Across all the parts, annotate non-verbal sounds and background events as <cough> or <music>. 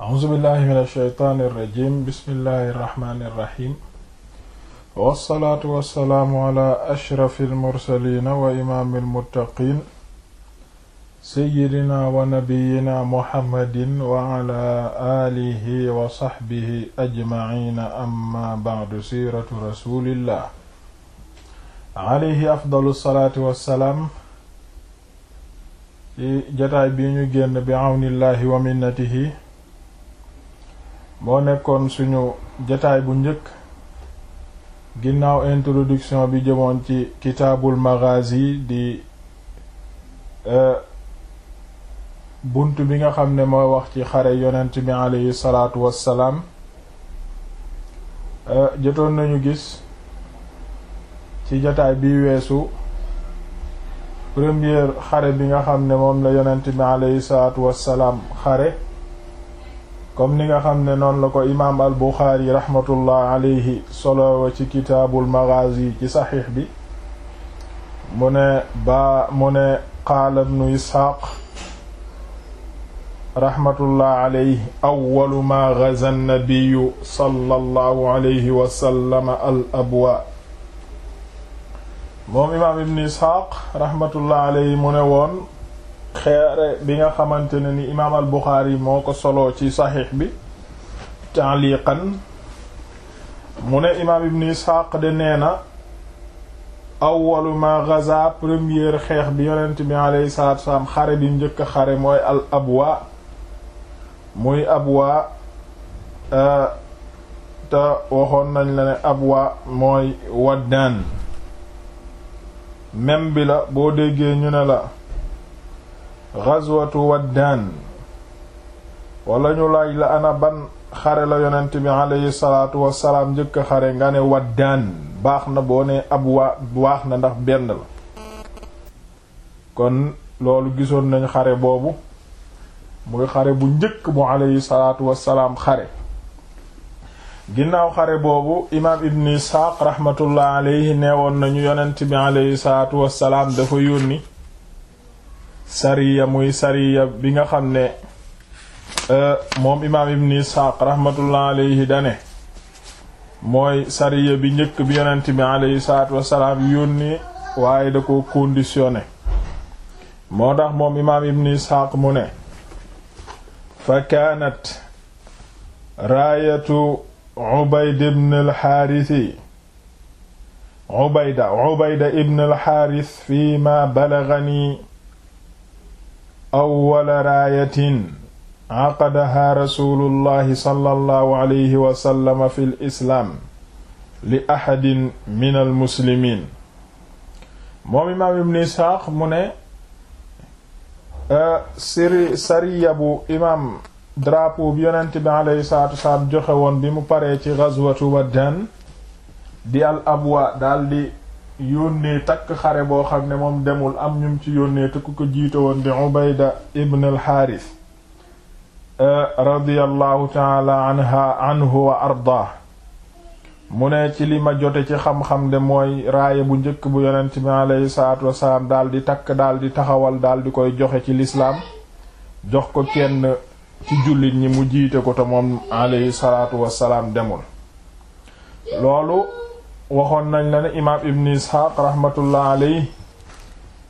a'uuzu billahi min alsheytaani irrajim bismillahi irrahmani irrahim wassalaatu wassalaamu ala ashrafi almursaliina wa imaami almuttaqiin seyyidina wa nabiyina muhammadin wa ala aalihi wa saxbihi ajmaciina amma bacdu siiratu rasulillah alayhi afdalu salaatu wassalaam ci jataay bi ñu génn bi awnillahi wa minnatihi moo nekkoon suñu jataay bu njëkk ginnaaw introduction bi jëmoon ci kitaabul maghazi di e, bunt bi nga xam ne moo wax ci xare yonent bi aleyhi salaatu wassalaam e, jotoon nañu gis ci jataay bi weesu première xare bi nga xam ne moom la yonent bi aleyhi salaatu wassalaam xare comme ni nga xam ne noonu la ko imaam al buxaari rahmatullah alayhi solowa ci kitaabul maghazi ci saxiix bi mu ne baa mu ne qaala ibnu isxaaq rahmatullah alayhi awwalu maa gaza annabiyu sallallahu al abwa moom imaam ibnu isxaaq rahmatullah alayhi mu ne woon xeere bi nga xamante ne ni imaam al Buxaari moo ko soloo ci saxiix bi taaliqan mu ne imaam ibn Isxaaq de nee na awwalu ma gaza première xeex bi yonent bi alayhi salaatu xare bi njëkk xare mooy al abwa muy abwa euh, te waxoon nañ la ne abwa mooy waddaan même bi la boo déggee ñu ne la ghazwatu waddaan wala ñu laaj la ana ban xare la yonent bi aleyhi salaatu wasalaam njëkk a xare nga ne waddaan baax na boo ne ab waa na ndax benn la kon loolu gisoon nañ xare boobu muy xare bu njëkk bu aleyhi salaatu wasalaam xare ginnaaw xare boobu imaam ibn isxaaq raxmatullah aleyhi nee woon nañu yonent bi aleyhi salaatu wasalaam dafa yónni sariya muy sariya bi nga xam ne euh, moom imaam ibn isxaaq rahmatullah alayhi dane mooy sariya bi njëkk bi yonent bi alayhi salaatu wasalaam yónni waaye da ko conditionné moo tax moom imaam ibn isxaaq mu ne fa kaanat raayatu ubayd ibn alxaaris fi ma balagani awwala raayatin caqadahaa rasuulullahi sallallahu alayhi wa sallam fil islaam li ahadin minal muslimiin moom imaam ibn isxaaq mu ne siri sariya bu imaam drapeau bi yonent bi alayhi salaatu wasalaam joxe woon bi mu paree ci gazwatu Badr di al abwa daldi yónnee takk xare boo xam ne moom demul am ñum ci yónnee te ku ko jiite woon di ubayda ibn alxaaris eh, radiallahu taala anhu wa arda mu ne ci lima ma jote ci xam-xam de mooy raaya bu njëkk bu yonent bi aleyhi salaatu wasalaam daal di takk daal di taxawal dal di koy joxe ci lislaam jox ko kenn ci jullit ñi mu jiite ko te moom aleyhi salaatu wasalaam demul loolu waxoon nañ la ne imaam ibn isxaaq rahmatullah aley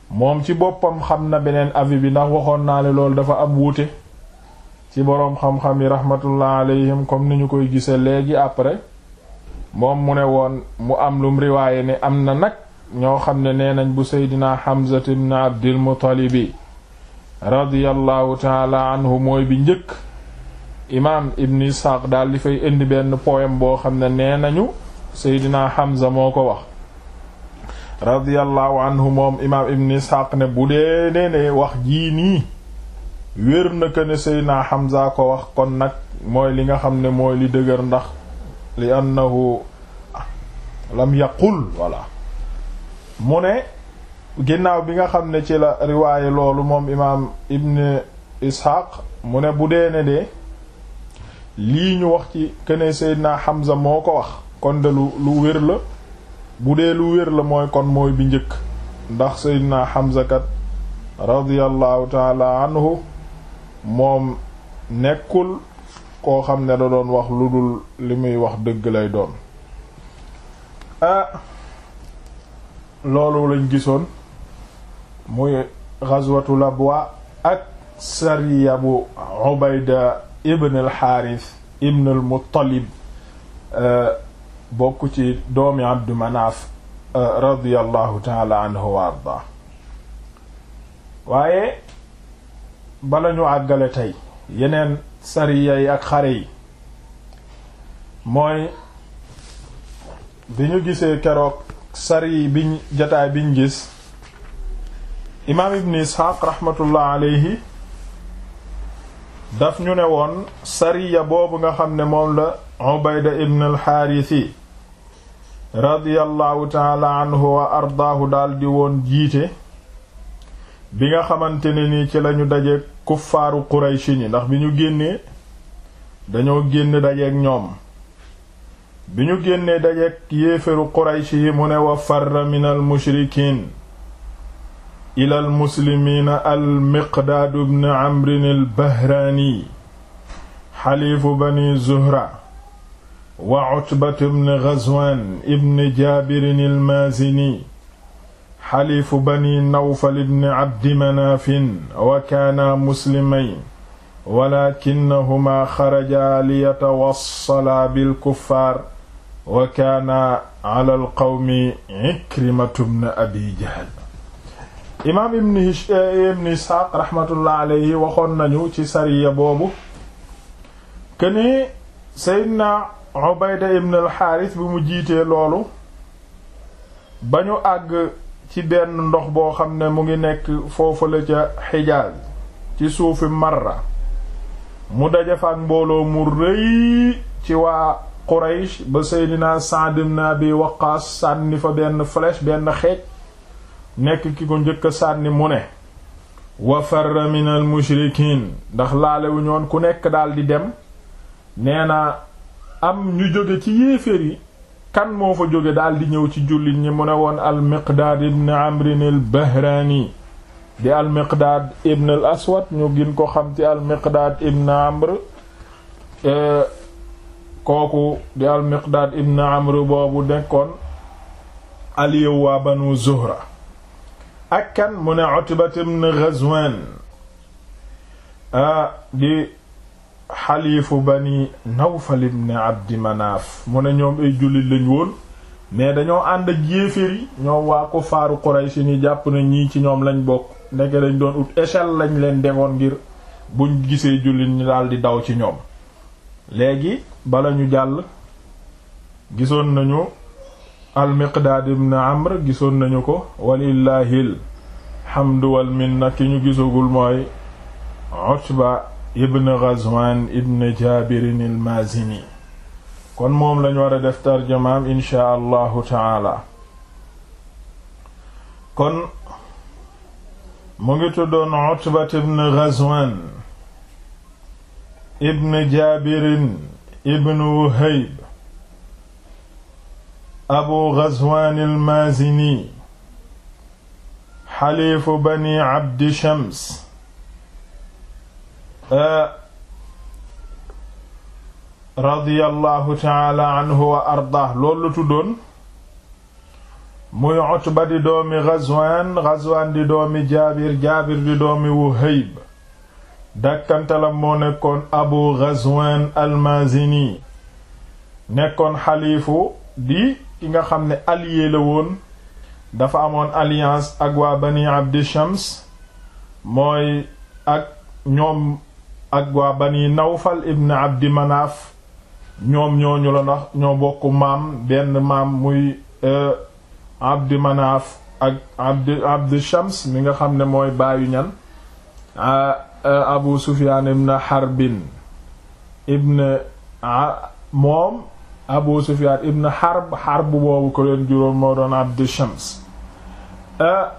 moom ci boppam xam na beneen avis bi ndax waxoon naa ne loolu dafa ab wuute ci boroom xam-xam yi rahmatullah aleyhim comme ni ñu koy gisee léegi après moom mu ne woon mu am lum riwaaye ne am na nag ñoo xam ne nee nañ bu seydina Hamza ibn Abdil Muttalib radiyallahu taala anhu mooy bi njëkk imaam ibn isxaaq daal di fay indi benn poème boo xam ne nee nañu Seydina Hamza moo ko wax radiyallahu anhu moom imaam Ibn Ishaq ne bu dee nee ne wax jii nii wér na ko ne Seydina Hamza ko wax kon nag mooy li nga xam ne mooy li dëgër ndax li annahu lam yaqul voilà mu ne ginnaaw bi nga xam ne ci la riwaaye loolu moom imaam Ibn Ishaq mu ne bu dee ne de lii ñu wax ci kene Seydina Hamza moo ko wax kon de lu lu wér la bu dee lu wér la mooy kon mooy bi njëkk ndax Seydina Hamza kat radiyallahu anhu moom nekkul koo xam ne da doon wax lu dul li muy wax dëgg lay doon ah loolu lañ gisoon muy ghazwatul Abwa ak sariya bu Ubayda ibn al Harith bokk ci doomi Abdu Manaaf euh, radiyallahu taala anhu wa arda waaye bala ñu àggale tey yeneen sariya yi ak xare yi mooy bi ñu gisee keroog sari biñ jataay biñ gis imaam ibn isxaaq rahmatullah alayhi daf ñu ne woon sariya boobu nga xam ne moom la ubayda ibn al radiyallahu taala wa ardaahu daldi woon jiite bi nga xamante ni nii ci lañu dajeek kuffaaru qurayshi ni ndax bi ñu génnee dañoo génn dajeek ñoom bi ñu génnee dajeek yéeféru qurayshi yi mu ne wa min al mushrikiin al miqdaadu bni amrin al bahraani xaliifu bani zuhra wa cutbatu bni ghazwaan ibni jaabirin almaazini xalifu bani nawfal ibni cabdi manaafin wa kaana muslimayn walakinahumaa xarajaa liyatawassalaa bilkuffaar wa kaana cala alqawmi cikrimatu bni abi jahl imaam ibni eh, isxaaq raxmatullah aleyhi waxoon nañu ci sariya boobu kene seydna Ubayda ibn al-Xaaris bi mu jiitee loolu ba ñu àgg ci benn ndox boo xam ne mu ngi nekk foofu la ca Xijaaz ci suufi Marra mu daje mbooloo mu rëy ci waa Quraysh ba Seydina Sa'd ibn Abi sànni fa benn flèche benn xeej nekk ki ko njëkk a sànni mu ne wa farra mushrikiin ndax laale wu ñoon ku nekk dal di dem nee na am ñu jóge ci yéeféer yi kan moo fa jóge daal di ñëw ci jullit ñi mu ne woon almiqdaad ibn amrin al bahraani di almiqdaad ibn al aswad ñu gën ko xam ci almiqdaad ibn amr eh, kooku di almiqdaad ibn amr boobu nekkoon aliyu waa banu zuhra ak kan mu ne utbat ibn ah, di xaliifu bani nawfal ibn abdi manaaf mu ne ñoom ay jullit lañ woon mais dañoo ànd ak yéeféer yi ñoom waa ko faaru Quraysh ni jàpp na ñii ci ñoom lañ bokk nekk dañ doon ut échelle lañ leen demoon ngir buñ gisee jullit ñi daal di daw ci ñoom léegi bala ñu jàll gisoon nañu almiqdaad ibn amr gisoon nañu ko walillahil hamdu wal minna ki ñu gisagul mooy utba ibn Ghazwan ibn Jaabirin al-Maazini kon moom lañu war a def tarjamaam inshaa allahu taala kon mu ngi tuddoon Utbat ibn Ghazwan ibn Jaabirin ibn Wuhayb abu Ghazwan al-Maazini xaliifu bani Abdi Shams Euh, radiyallahu taala anhu wa ardah loolu tuddoon muy Utba di doomi Ghazwan Ghazwan di doomi Jaabir Jaabir di moo nekkoon Abu Ghazwan al nekkoon xaliifu di ki nga xam ni allié la woon dafa amoon alliance ak waa Bani Abdi Shams mooy ak ñoom ak waa yi nawfal ibn abdi manaaf ñoom ñooñu la ndax ñoo bokk maam benn maam muy euh, abdi manaaf ak abdi abdi mi nga xam ne mooy baayu ñan euh, abu sufyaan ibn harbin ibn moom abu sufyaan ibn harb harb boobu ko leen juróom moo doon abdi euh,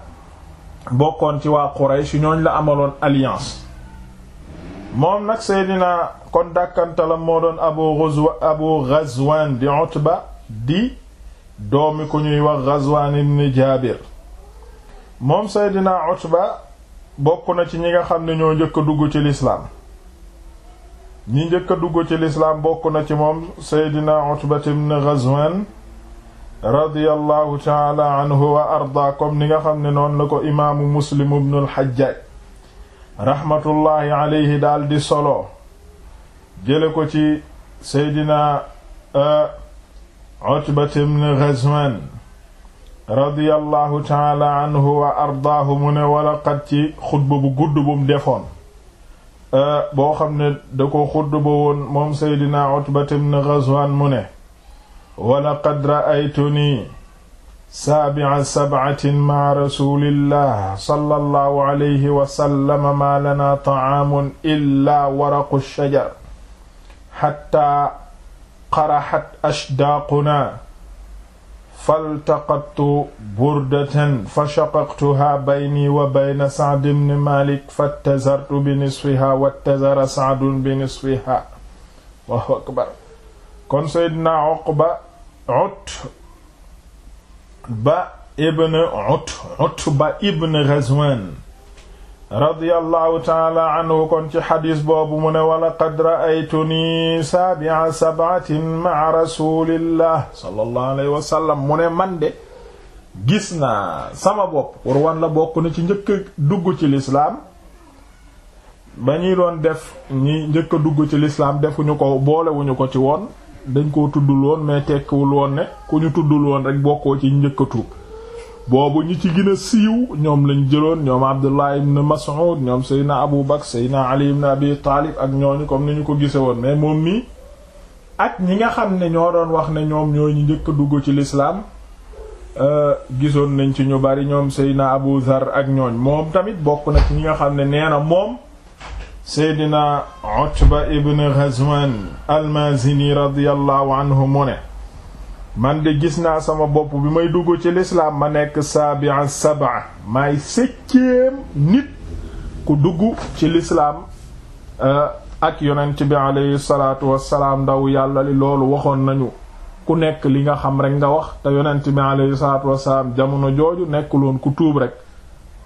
bokkoon ci waa quraysh ñooñ la amaloon alliance moom nag seydina kon dàkkantalam moo doon abu ghazwa abu ghazwan di utba di doomi ku ñuy wax ghazwan ibn jaabir moom seydina utba bokk na ci ñi nga xam ne ñoo njëkk a dugg ci lislaam ñi njëkk a dugg ci lislaam bokk na ci moom seydina utba ibn ghazwan radiyallahu taala anhu wa arda comme ni nga xam ne noonu la ko imaamu muslim ibn al-hajjaj raxmatullaahi alayhi daal di solo jële ko ci seydina Utbat ibn Ghazwan radiyallahu taala anhu wa ardaahu mu ne walaqad ci xutba bu gudd bum defoon boo xam ne da ko xutba woon moom seydina Utbat ibn Ghazwan mu ne walaqad ra'aytuni saabica sabcatin maca rasulillah sallallahu alayhi wa sallam maa lanaa tacaamun illaa waraqu shajar xattaa qaraxat ashdaaqunaa faltaqattu burdatan fashaqaqtuhaa bayni wa bayna sacd bni maalik fatazartu binisfihaa wattazara sacdun binisfihaa Allahu akbar kon Seydina Uqba ut ba ibn ut utba ibn ghazwan radiyallahu taala anhu kon ci xadis boobu mu ne walaqad ra'aytuni saabi'a sab'atin ma'a rasulillah sallallahu alayhi wa sallam mu ne man de gis naa sama bopp war wan la bokk na ci njëkk a dugg ci lislaam ba ñuy doon def ñi njëkk a dugg ci lislaam defuñu ko boolewuñu ko ci woon dañ koo tuddul woon mais tekkiwul woon ne ku ñu tuddul woon rek bokkoo ci njëkk a boobu ñi ci gën a siiw ñoom lañ jëloon ñoom Abdullah ibn Mas'ud ñoom Seydina Abu Bakr Seydina Ali ibn Abi Taalib ak ñooñu comme ni ko gise woon mais moom mii ak ñi nga xam ne ñoo doon wax ne ñoom ñoo ñu njëkk a dugg ci lislaam euh, gisoon nañ ci ñu bari ñoom Seydina Abu Zar ak ñooñ moom tamit bokk na ci ñi nga xam ne nee na moom seydina Utba ibn Ghazwan almazini radiyallahu moo mu ne man de gis naa sama bopp bi may dugg ci lislaam ma nekk saabia saba maay septième nit ku dugg ci lislaam euh, ak yonent bi aleyhi salaatu wassalaam ndaw yàlla li loolu waxoon nañu ku nekk li nga xam rek nga wax te yonent bi aleyhi salaatu wassalaam jamono jooju nekkuloon ku tuub rek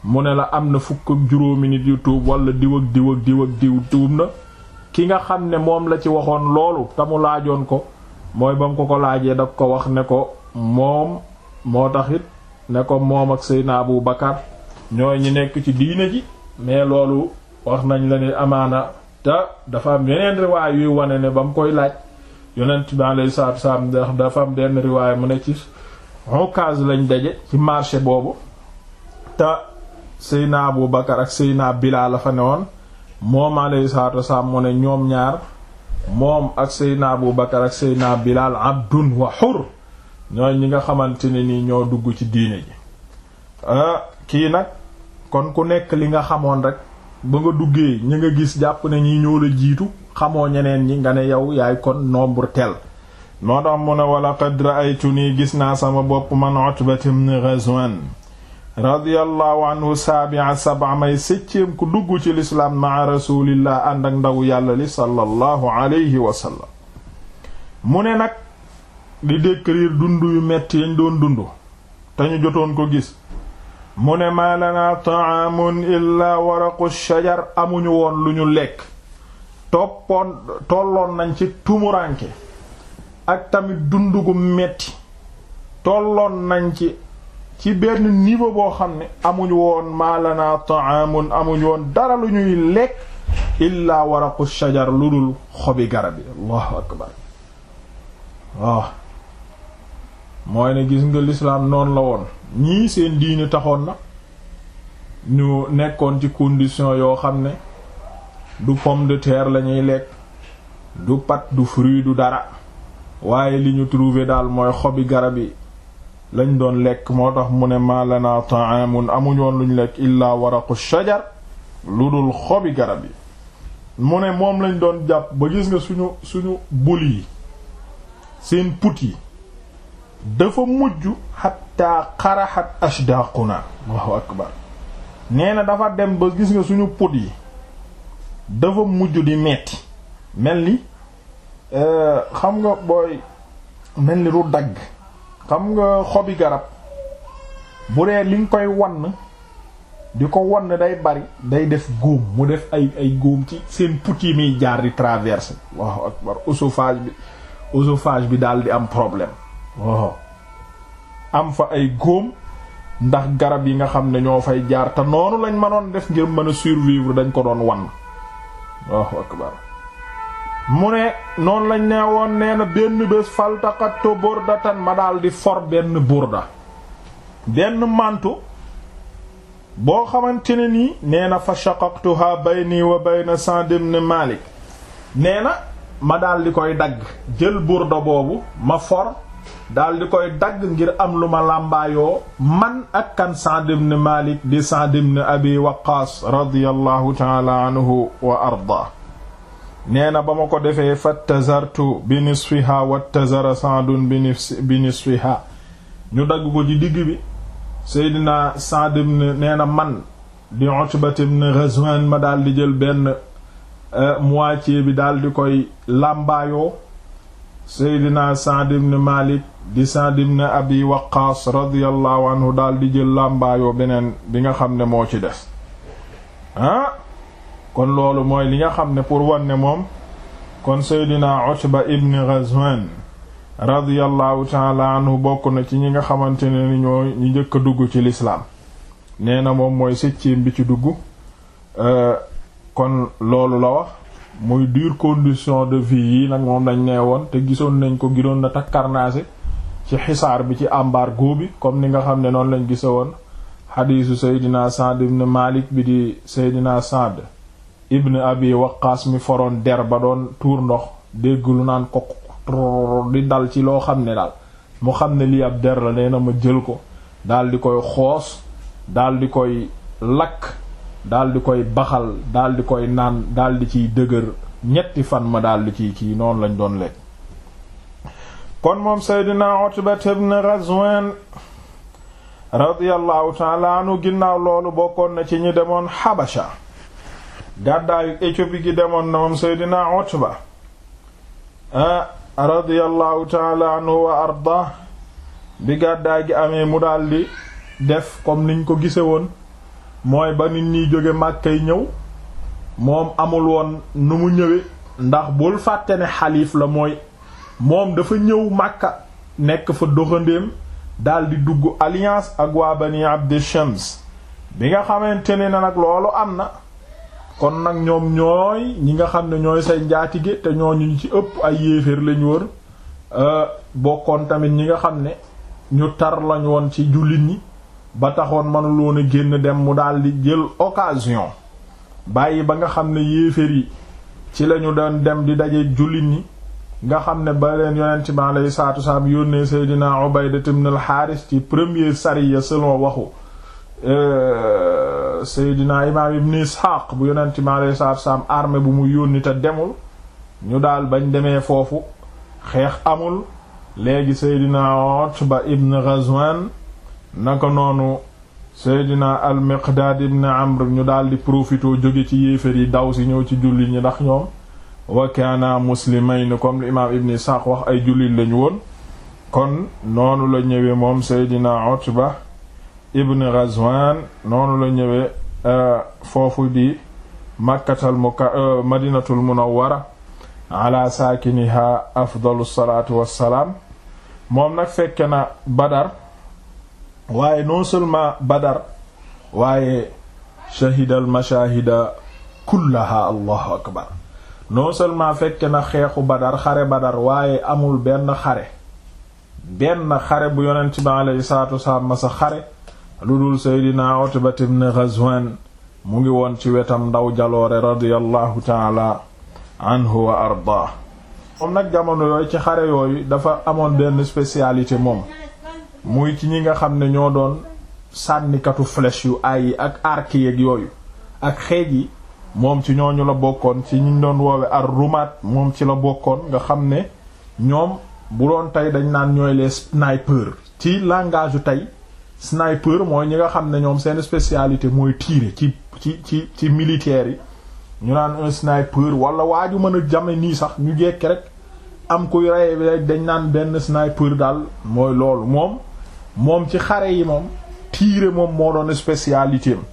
mu ne la am na fukk ak juróomi nit yu tuub wala diw ak diw ak diw ak diw tuub na ki nga xam ne moom la ci waxoon loolu tamu laajoon ko mooy ba mu ko ko laajee daf ko wax ne ko moom moo taxit ne ko moom ak Seydina Abu Bakar ñooy ñi nekk ci diine ji mais loolu wax nañ la ne amaana te dafa am yeneen riwaay yuy wane ne ba mu koy laaj yonent bi alayhi salaatu salaam ndax dafa am benn riwaay mu ne ci Ukaz lañ daje ci marché boobu te Seyna Abu Bakar ak Seyna naa la fa newoon moom alayhi salaatu wasalaam mu ne ñoom ñaar moom ak naa bu Bakar ak naa Bilal abdun wa ñooy ñi nga xamante ne nii ñoo dugg ci diine ji ah, kii nag kon ku nekk li nga xamoon rek ba nga duggee ñi nga gis jàpp ne ñi ñoo la jiitu xamoo ñeneen ñi nga ne yow yaay kon nombre tel moo tax mu ne wala qad ra'aytuni gis naa sama bopp man Utbat ibn radiyallahu anhu saabia saba may septième ku dugg ci lislaam maa rasulillah ànd ak ndaw yàlla li sallallahu alayhi wa mu ne nag di décrire dund yu metti yañ doon dund te ñu jotoon ko gis mu ne maa lanaa taamun illaa waraqu shajar amuñu woon lu ñu lekk toppoon tolloon nañ ci tumuraanke ak tamit dund gu metti tolloon nañ ci ci benn niveau boo xam ne amuñ woon maalanaa ta'amun amuñ woon dara lu ñuy lekk illaa waraqu shajar lu dul xobi garab yi allahu akbar waaw oh. mooy ne gis nga lislaam noon la woon ñii seen diini taxoon na ñu nekkoon ci condition yoo xam ne du pomme de terre lañuy lekk du pâte du fruit du dara waaye li ñu trouvé daal mooy xobi garab yi lañ doon lekk moo tax mu ne ma lana amuñoon amuñ woon luñ lekk illaa waraqu shajar lu dul xobi garab yi mu ne moom lañ doon jàpp ba gis nga suñu suñu bul yi seen put yi dafa mujj xatta xaraxat ashdaquna Allahu akbar nee na dafa dem ba gis nga suñu put yi dafa mujj di metti mel ni euh, xam nga booy mel ni ru dagg xam nga xobi garab bu dee liñ koy wann di ko wann day bari day def góom mu def ay ay góom ci seen put yi muy jaar di traverse waaw akbar œsophage bi œsophage bi daal di am problème am fa ay góom ndax garab yi nga xam ne ñoo fay jaar te noonu lañ mënoon def ngir mën a survivre dañ ko doon wann mu ne noonu lañ nee woon nee na benn bés faltaqattu burdatan ma daldi for benn burda benn màntu boo xamante ne nii nee na fa shaqaqtuha bayni wa bayna Sa'd ibn Malik nee na ma daldi koy dagg jël burda boobu ma for daldi koy dagg ngir am lu ma làmbaayoo man ak kan Sa'd ibn Malik di Sa'd ibn Abi Waqqas radiyallahu ta'ala anhu wa arda nee na ba ma ko defee fattazartu bi nisfiha wattazara Sa'dun bi ñu dagg ko ci digg bi Seydina Sa'd ibn nee na man di Utbat ibn Ghazwan ma daal di jël benn euh, moitié bi daal koy làmbaayoo Seydina Sa'd Malik di Sa'd ibn Abi Waqqas anhu daal di jël làmbaayoo beneen bi nga xam ne moo ci des ah kon loolu mooy li nga xam ne pour wan ne moom kon seydina Utba ibn Ghazwan radiyallahu taala anhu bokk na ci ñi nga xamante ne ni ñoo ñu njëkk a dugg ci lislaam nee na moom mooy septième bi ci dugg euh, kon loolu la wax muy dure condition de vie yi nag moom lañ nee te gisoon nañ ko giroon na takkarnaase ci xisaar bi ci embargo bi comme ni nga xam ne noonu lañ gise woon xadiisu seydina Sa'd ibn Malik bi di seydina Sa'd ibn abi waqaas mi foroon der ba doon tuur ndox dégg lu naan ko di dal ci loo xam ne daal mu xam ne lii ab der la nee ma jël ko daal di koy xoos daal di koy lakk daal di koy baxal daldi koy naan daal di ciy dëgër ñetti fan ma daal di ciy kii noonu lañ doon lekk kon moom Seydina Utba ibn Ghazwan radiyallahu ta'ala anhu ginnaaw loolu bokkoon na ci ñi demoon Habasha gàddaayu Éthiopie gi demoon na moom Seydina Utba ah, radiyallahu taala wa arda bi gàddaay gi amee mu daldi def comme niñ ko gise woon mooy ba nit ñiy jóge màkkay ñëw moom amul woon nu mu ñëwe ndax bul fàtte ne xaliif la mooy moom dafa ñëw màkka nekk fa doxandéem daldi dugg alliance ak waa Bani Abd Shams bi nga xamante ne nag loolu am na kon nag ñoom ñooy ñi nga xam ne ñooy say njaatige te ñoo ñu ci ëpp ay yéeféer lañu woon euh, bokkoon tamit ñi nga xam ne ñu tar lañ woon ci jullit ñi ba taxoon mënuloon a génn dem mu daldi jël occasion bàyyi ba nga xam ne yéeféer yi ci lañu doon dem di daje jullit ñi nga xam ne ba leen yonent bi alayhi salaatu wasalaam yónnee Seydina Ubayda ibn al-Haaris ci premier sariya selon waxu Euh, Seydina imaam Ibn Ishaq bu yonent mi alayhi salaatu salaam bu mu yónni te demul ñu daal bañ demee foofu xeex amul léegi Seydina Utba Ibn Ghazwan naka noonu Seydina al-Miqdaad Ibn Amr ñu daal di profité jóge ci yéefar yi daw si ñëw ci jullit ñi ndax ñoom wa kaana muslimayni comme lu imaam Ibn Ishaq wax ay jullit lañu woon kon noonu la ñëwee moom Seydina Utba ibn Ghazwan noonu la ñëwee euh, foofu di makkatal muka euh, madinatul munawwara ala saakiniha afdalu salaatu wassalaam moom nag fekke na badar waaye non seulement badar waaye shahidal mashahida kullaha allahu akbar non seulement fekke na xeexu badar xare badar waaye amul benn xare benn xare bu yonent bi alayhi xare lu dul seydina Utbat ibn mu ngi woon ci wetam ndaw jaloore radiyallahu taala anhu wa ardaa moom nag jamono yooyu ci xare yooyu dafa amoon benn spécialité moom muy ci ñi nga xam ne ñoo doon sànnikatu flèche yu aay yi ak arc yooyu ak xeej yi moom ci ñooñu la bokkoon ci ñi doon woowe ar rumaat moom ci la bokkoon nga xam ne ñoom bu doon tey dañ naan ñooy les ci langage u tey sniper mooy ñi nga xam ne ñoom seen spécialité mooy tirer ci ci ci ci militaire yi ñu naan un sniper wala waa ju mën a jame nii sax ñu jekk rek am kuy rey dañ naan benn sniper daal mooy loolu moom moom ci xare yi moom tirer moom moo doon spécialité am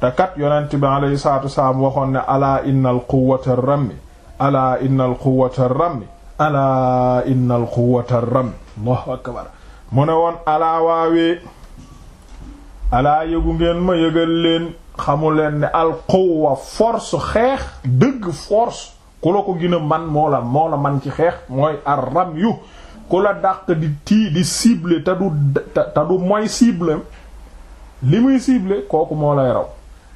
te kat yonent bi alayhi salaatu wasalaam waxoon ne alaa innal quwwata rammi alaa innal quwwata rammi alaa innal quwwata rammi allahu akbar mu ne woon alaa waawee alaa yëgu ngeen ma yëgal leen xamu leen ne alquwa force xeex dëgg force ku la ko gina a man moo la moo la man ci xeex mooy arram yu ku la dàq di tii di cible te du te du mooy cible li muy cible kooku moo lay raw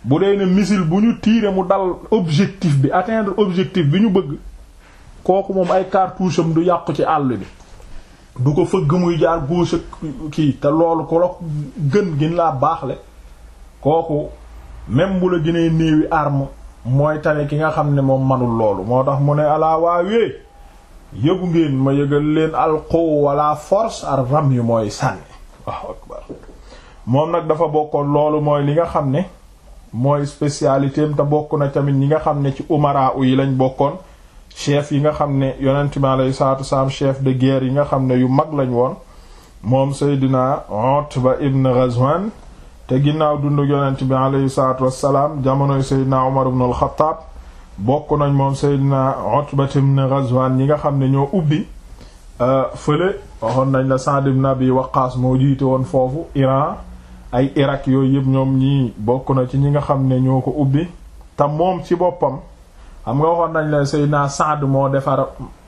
bu dee ne missile bu ñu tiire mu dal objectif bi atteindre objectif bi ñu bëgg kooku moom ay cartouche am du yàqu ci àll bi du ko fëgg muy jaar gauche kii te loolu ku la gën gën laa baaxle kooku même bu la gënee néewi arme mooy tane ki nga xam ne moom manul loolu moo tax mu ne alaa waawee yëgu ngeen ma yëgal leen alqow wala force ar ram yu mooy sànni moom nag dafa bokkoon loolu mooy li nga xam ne mooy spécialité te bokk na tamit ñi nga xam ne ci umara u yi lañ bokkoon chef yi nga xam ne yonent mi alayhi salaatu wasalaam chef de guerre yi nga xam ne yu mag lañ woon moom Seydina Utba ibn Ghazwan te ginnaaw dundu yonent bi alayhi salaatu wasalaam jamonoy Seydina Umar ibn al bokk nañ moom Seydina Utba ibn Ghazwan ñi nga xam ne ñoo ubbi euh, fële waxoon nañ la Sa'd ibn Abi moo jiite woon foofu Iran ay Irak yooyu yëpp ñoom ñii bokk na ci ñi nga xam ne ñoo ko ubbi te moom ci boppam xam nga waxoon nañ la Seydina Saad moo defar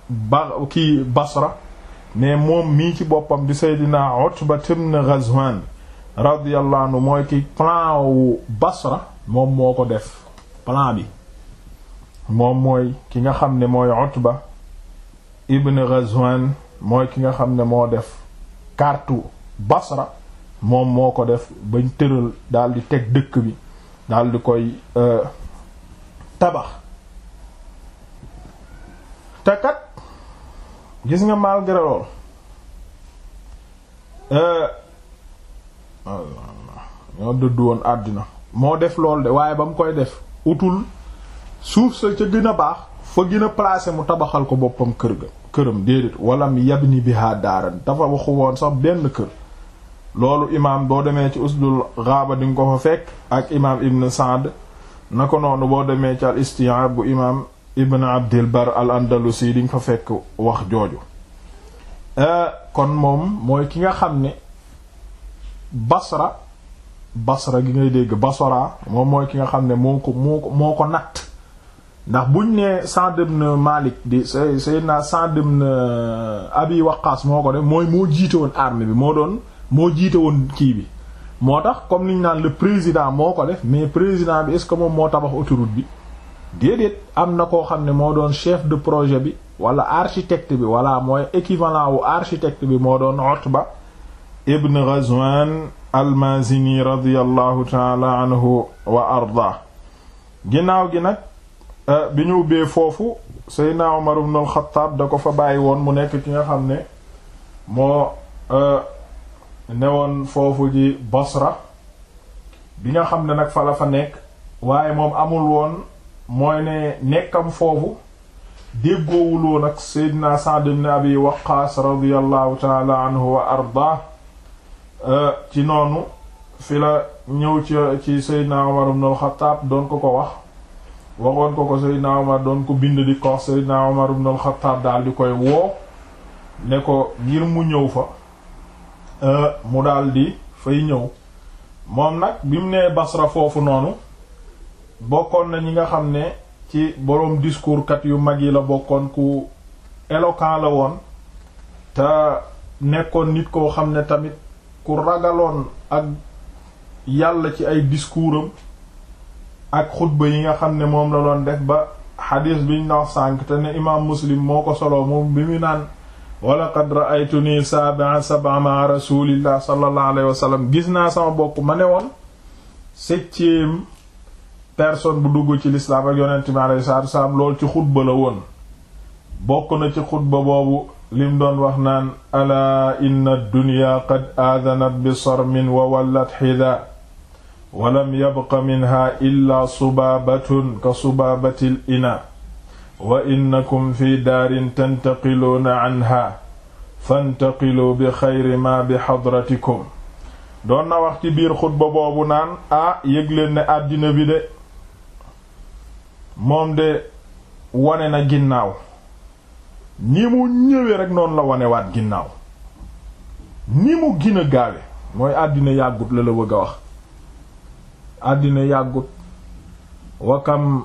ba kii Basra mais moom mii ci boppam di Seydina Utba ibn Ghazwan radiyallahu anhu mooy ki plan wu Basra moom moo ko def plan bi moom mooy ki nga xam ne mooy Utba ibn Ghazwan mooy ki nga xam ne moo def kartu Basra moom moo ko def bañ tëral daal di teg dëkk bi daal di koy euh, tabax te gis nga malgré lool euh, ñoo dëddu woon àdduna moo def lool de waaye ba mu koy def utul suuf sa ca gën baax foo gën a mu tabaxal ko boppam kër ga këram déedéet wala mi yabni biha daaran dafa waxu woon sax benn kër loolu imaam boo demee ci usdul gaaba dinga ko fa fekk ak imaam ibn Sa'd na ko noonu boo demee ci al isti'ab bu imaam ibn abdil bar al andalusi diñ fa fekk wax jooju euh, kon moom mooy ki nga xam ne basra basra gi ngay dégg basora moom mooy ki nga xam ne moo ko moo ko moo ko natt ndax buñ ne Sa'd ibn Malik di sayyidina Sa'd ibn euh, Abi Waqqas moo ko def mooy moo jiite woon armée bi moo doon moo jiite woon kii bi moo tax comme ñu naan le président moo ko def mais président bi est-ce que moom moo tabax autoroute bi déedéet am na koo xam ne moo doon chef de projet bi wala architecte bi wala mooy équivalent wu architecte bi moo doon Utba ibn Ghazwan al-Mazini radiyallahu taala anhu wa arda ginnaaw gi nag euh, bi ñu ubbee foofu Seydina Umar ibn al da ko fa bàyyi woon mu nekk ki nga xam ne moo euh, newoon foofu ji Basra bi nga xam ne nag fa la fa nekk waaye moom amul woon mooy ne nekkam foofu déggoowuloon ak Seydina Sa'd ibn Abi Waqqaas radiyallahu taala anhu wa euh, ci noonu fi la ñëw ci ci Seydina Umar ibn al-Khattab doon ko ko wax waxoon ko ko Seydina Umar doon ko bind di ko Seydina Umar ibn al-Khattab daal di koy woo ne ko ngir mu ñëw fa euh, mu daal di fay ñëw moom nag bi mu Basra foofu noonu bokkoon na ñi nga xam ne ci boroom discours kat yu mag yi la bokkoon ku éloquent la woon te nekkoon nit koo xam ne tamit ku ragaloon ak yàlla ci ay discours am ak xutba yi nga xam ne moom la doon def ba xadiis biñ nax sànk te ne imaam muslim moo ko soloo moom bi mu naan walaqad ra'aytuni sabi'a sab'a ma rasulillah sallallahu alayhi wa gis naa sama bokk ma ne woon septième personne bu dugg ci lislaam ak yonent bi alayhi salaatu wasalaam lool ci xutba la woon bokk na ci xutba boobu lim doon wax naan alaa inna dunya qad aadanat bi sarmin wa wallat xida walam yabqa minha illa subaabatun ka subaabatil ina wa innakum fi daarin tantaqiluuna anha fantaqilu bi xayri ma bi xadratikum doon na wax ci biir xutba boobu naan ah yëg leen ne àddina bi de moom de wane na ginnaaw ni mu ñëwee rek noonu la wane waat ginnaaw ni mu gën gaawe mooy àddina yàggut la la bëgg a wax àddina yàggut wakam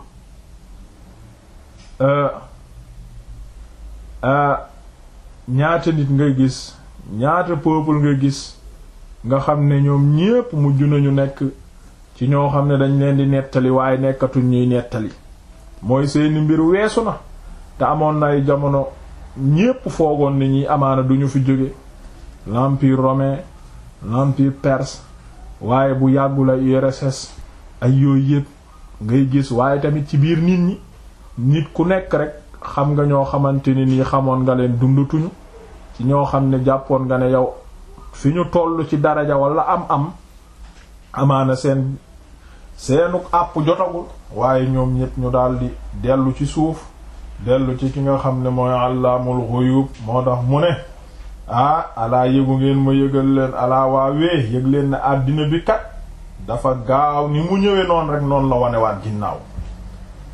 euh, euh, ñaata nit nga gis ñaata peuple nga gis nga xam ne ñoom ñépp mujj nañu nekk ci ñoo xam ne dañ leen di nettali waaye nekkatuñ ñuy nettali mooy seeni mbir weesu na te amoon na ay jamono ñépp foogoon ni ñi amaana duñu fi jóge l'empire romain l'empire perse waaye bu yàggul ay URSS ay yooyu yépp ngay gis waaye tamit ci biir nit ñi nit ku nekk rek xam nga ñoo xamante ni nii xamoon nga leen dundatuñu ci ñoo xam ne jàppoon nga ne yow fi ñu toll ci daraja walla am am amaana seen seenu àpp jotagul waaye ñoom ñépp ñu daldi dellu ci suuf dellu ci ki nga xam ne mooy àllaamul xuyub moo tax mu ne ah alaa yëgu ngeen ma yëgal leen alaa waawee yëg leen ne àddina bi kat dafa gaaw ni mu ñëwee noonu rek noonu la wane wanewaat ginnaaw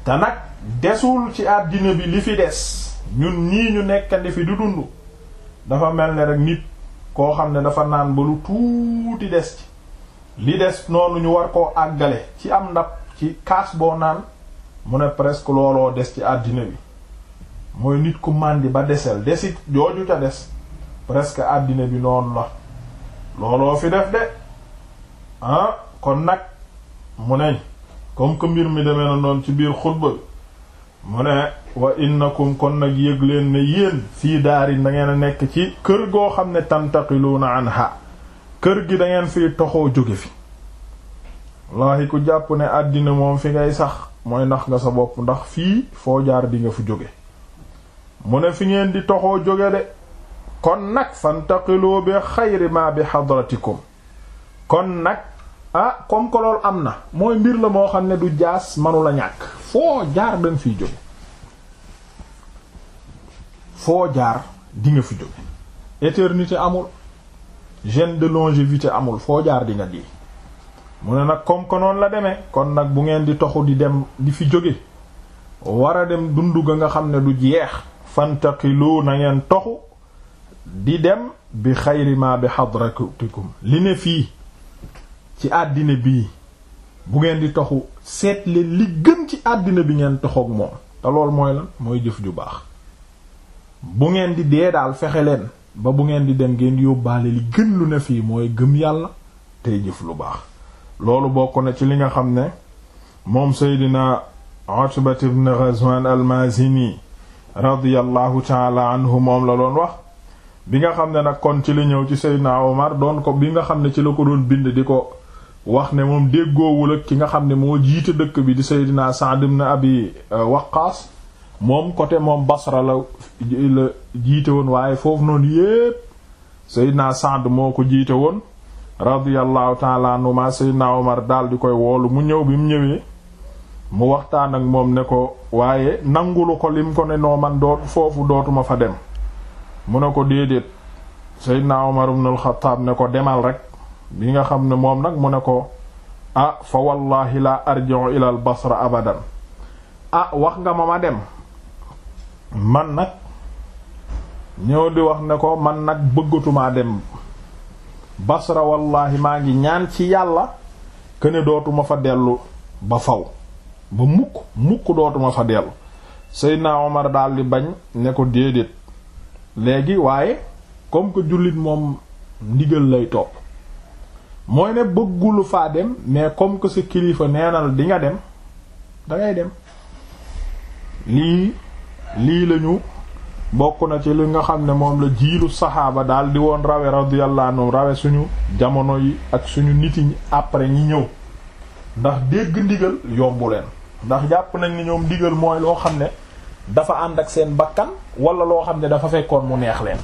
te nag desul ci àddina bi li fi des ñun ñii ñu nekkandi fi di dund dafa mel ne rek nit koo xam ne dafa naan ba lu tuuti des ci li des noonu ñu war koo àggale ci am ndab ci kaas boo naan mu ne presque looloo des ci àddina bi mooy nit ku màndi ba desel desit jooju ca des presque àddina bi noonu la looloo fi def de ah, kon nag mu ne comme que mbir mi demee na noonu ci biir xutba bi mu ne wa innakum kon nag yëg leen ne yéen fii daarin da ngeen a nekk ci kër goo xam ne tantaqiluuna anha kër gi dangeen fi fiy toxoo jóge fi wallahi ku jàpp ne àddina moom fi ngay sax mooy ndax nga sa bopp ndax fii foo jaar di nga fu jóge mu ne fi ngeen di toxoo jóge de kon nag fantaqiloo bi xayri ma bi hadratikum kon nag ah comme que am na mooy mbir la moo xam ne du jaas manu la ñàkk foo jaar dañ fiy jóge foo jaar di nga fi jóge éternité amul gêne de longévité amul foo jaar di nga mu ne nag comme que noonu la deme kon nag bu ngeen di toxu di dem di fi jóge war a dem dund ga nga xam ne du jeex fantaqilu na ngeen toxu di dem bi xayri bi hadratikum li ne fii ci àddina bi bu ngeen di toxu seet leen li gën ci àddina bi ngeen toxook moom te lool mooy lan mooy jëf ju baax bu ngeen di dee daal fexe leen ba bu ngeen di dem ngeen yóbbaale li gën lu ne fii mooy gëm yàlla tey jëf lu baax loolu bokk na ci li nga xam ne moom seydina Utbat ibn Ghazwan al-Mazini radiyallahu taala anhu moom la doon wax bi nga xam ne nag kon ci li ñëw ci seydina Omar doon ko bi nga xam ne ci la ko doon bind di ko wax ne moom déggoowul ak ki nga xam ne moo jiite dëkk bi di seydina Sa'd ibn Abi euh, Waqqas moom côté moom Basra la jiite woon waaye foofu noonu yépp seydina Sa'd moo ko jiite woon radiyallahu taala anhuma seydna omar daal di koy woolu mu ñëw bi mu ñëwee mu waxtaan ak moom ne ko waaye nangulu ko lim ko ne noo man doot foofu dootuma fa dem mu ne ko déedéet seydna omar ibn al-Khattab ne ko demal rek bi nga xam ne moom nag mu ne ko a ah, fa wallahi la arji'u ila basra abadan ah wax nga ma ma dem man nag ñëw di wax ne ko man nag bëggatumaa dem basra wallahi maa ngi ñaan ci yàlla këne dootuma fa dellu ba faw ba mukk mukk dootuma fa dellu Seydina Omar daldi bañ ne ko déedéet léegi waaye comme que jullit moom ndigal lay topp mooy ne bëggulu faa dem mais comme que sa kilifa neenal di nga dem dangay dem lii lii lañu bokk na ci li nga xam ne moom la jiilu saxaaba daal di woon rawe radiyallahu anhu rawe suñu jamono yi ak suñu nit après ñi ñëw ndax dégg ndigal yombu leen ndax jàpp nañ ni ñoom ndigal mooy loo xam ne dafa ànd ak seen bakkan wala loo xam ne dafa fekkoon mu neex leen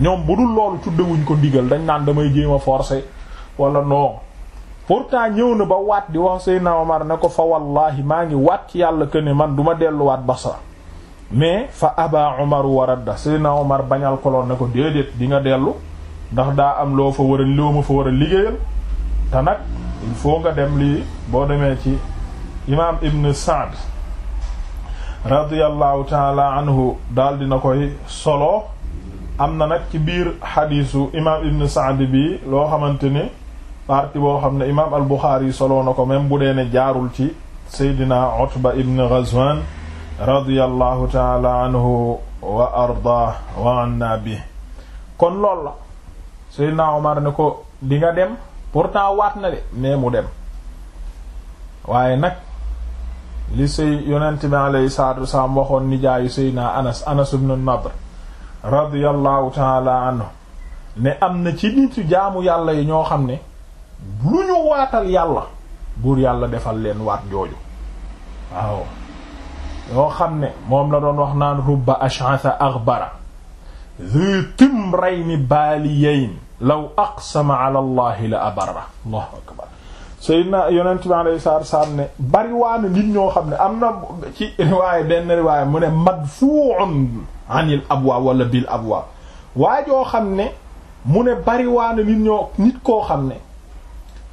ñoom bu dul loolu tuddewuñ ko ndigal dañ naan damay jéem a forcer wala non pourtant ñëw na ba waat di wax Seydina Omar ne ko fa wallahi maa ngi waat ci yàlla que ne man duma ma delluwaat Basra mais fa aba Umar waradda Seydina Umar bañal koloon ne ko déedéet di nga dellu ndax daa am loo fa war a loo ma fa war a liggéeyal te nag il nga dem lii boo demee ci imaam Ibn Sa'd radiyallahu taala anhu daal dina koy solo am na nag ci biir xadiisu imaam Ibn Sa'd bi loo xamante ne partie boo xam ne imaam al-Bukhari solo na ko même bu dee ne jaarul ci Seydina Utba Ibn Ghazwan radiyallahu taala anhu wa arda wa anna bi kon loolu la Seydina Omar ne ko di nga dem pourtant waat na de mais mu dem waaye nag li sëy yonent bi alayhi salaatu wasalaam waxoon nijaayu Seydina Anas Anas ibn Nadr radiyallahu taala anhu ne am na ci nitu jaamu yàlla yi ñoo xam ne lu ñu waatal yàlla buur yàlla defal leen waat jooju waaw yoo xam ne moom la doon wax naan rubba ash'atha aghbara dhi timrayni baaliyayn law aqsama ala allahi la abarra allahu akbar sayyidina yonent bi alayhi salaatu wassalaam ne bariwaana nit ñoo xam ne am na ci riwaaya benn riwaaya mu ne madfu'un anil abwa wala bil abwa waa joo xam ne mu ne bariwaana nit ñoo nit koo xam ne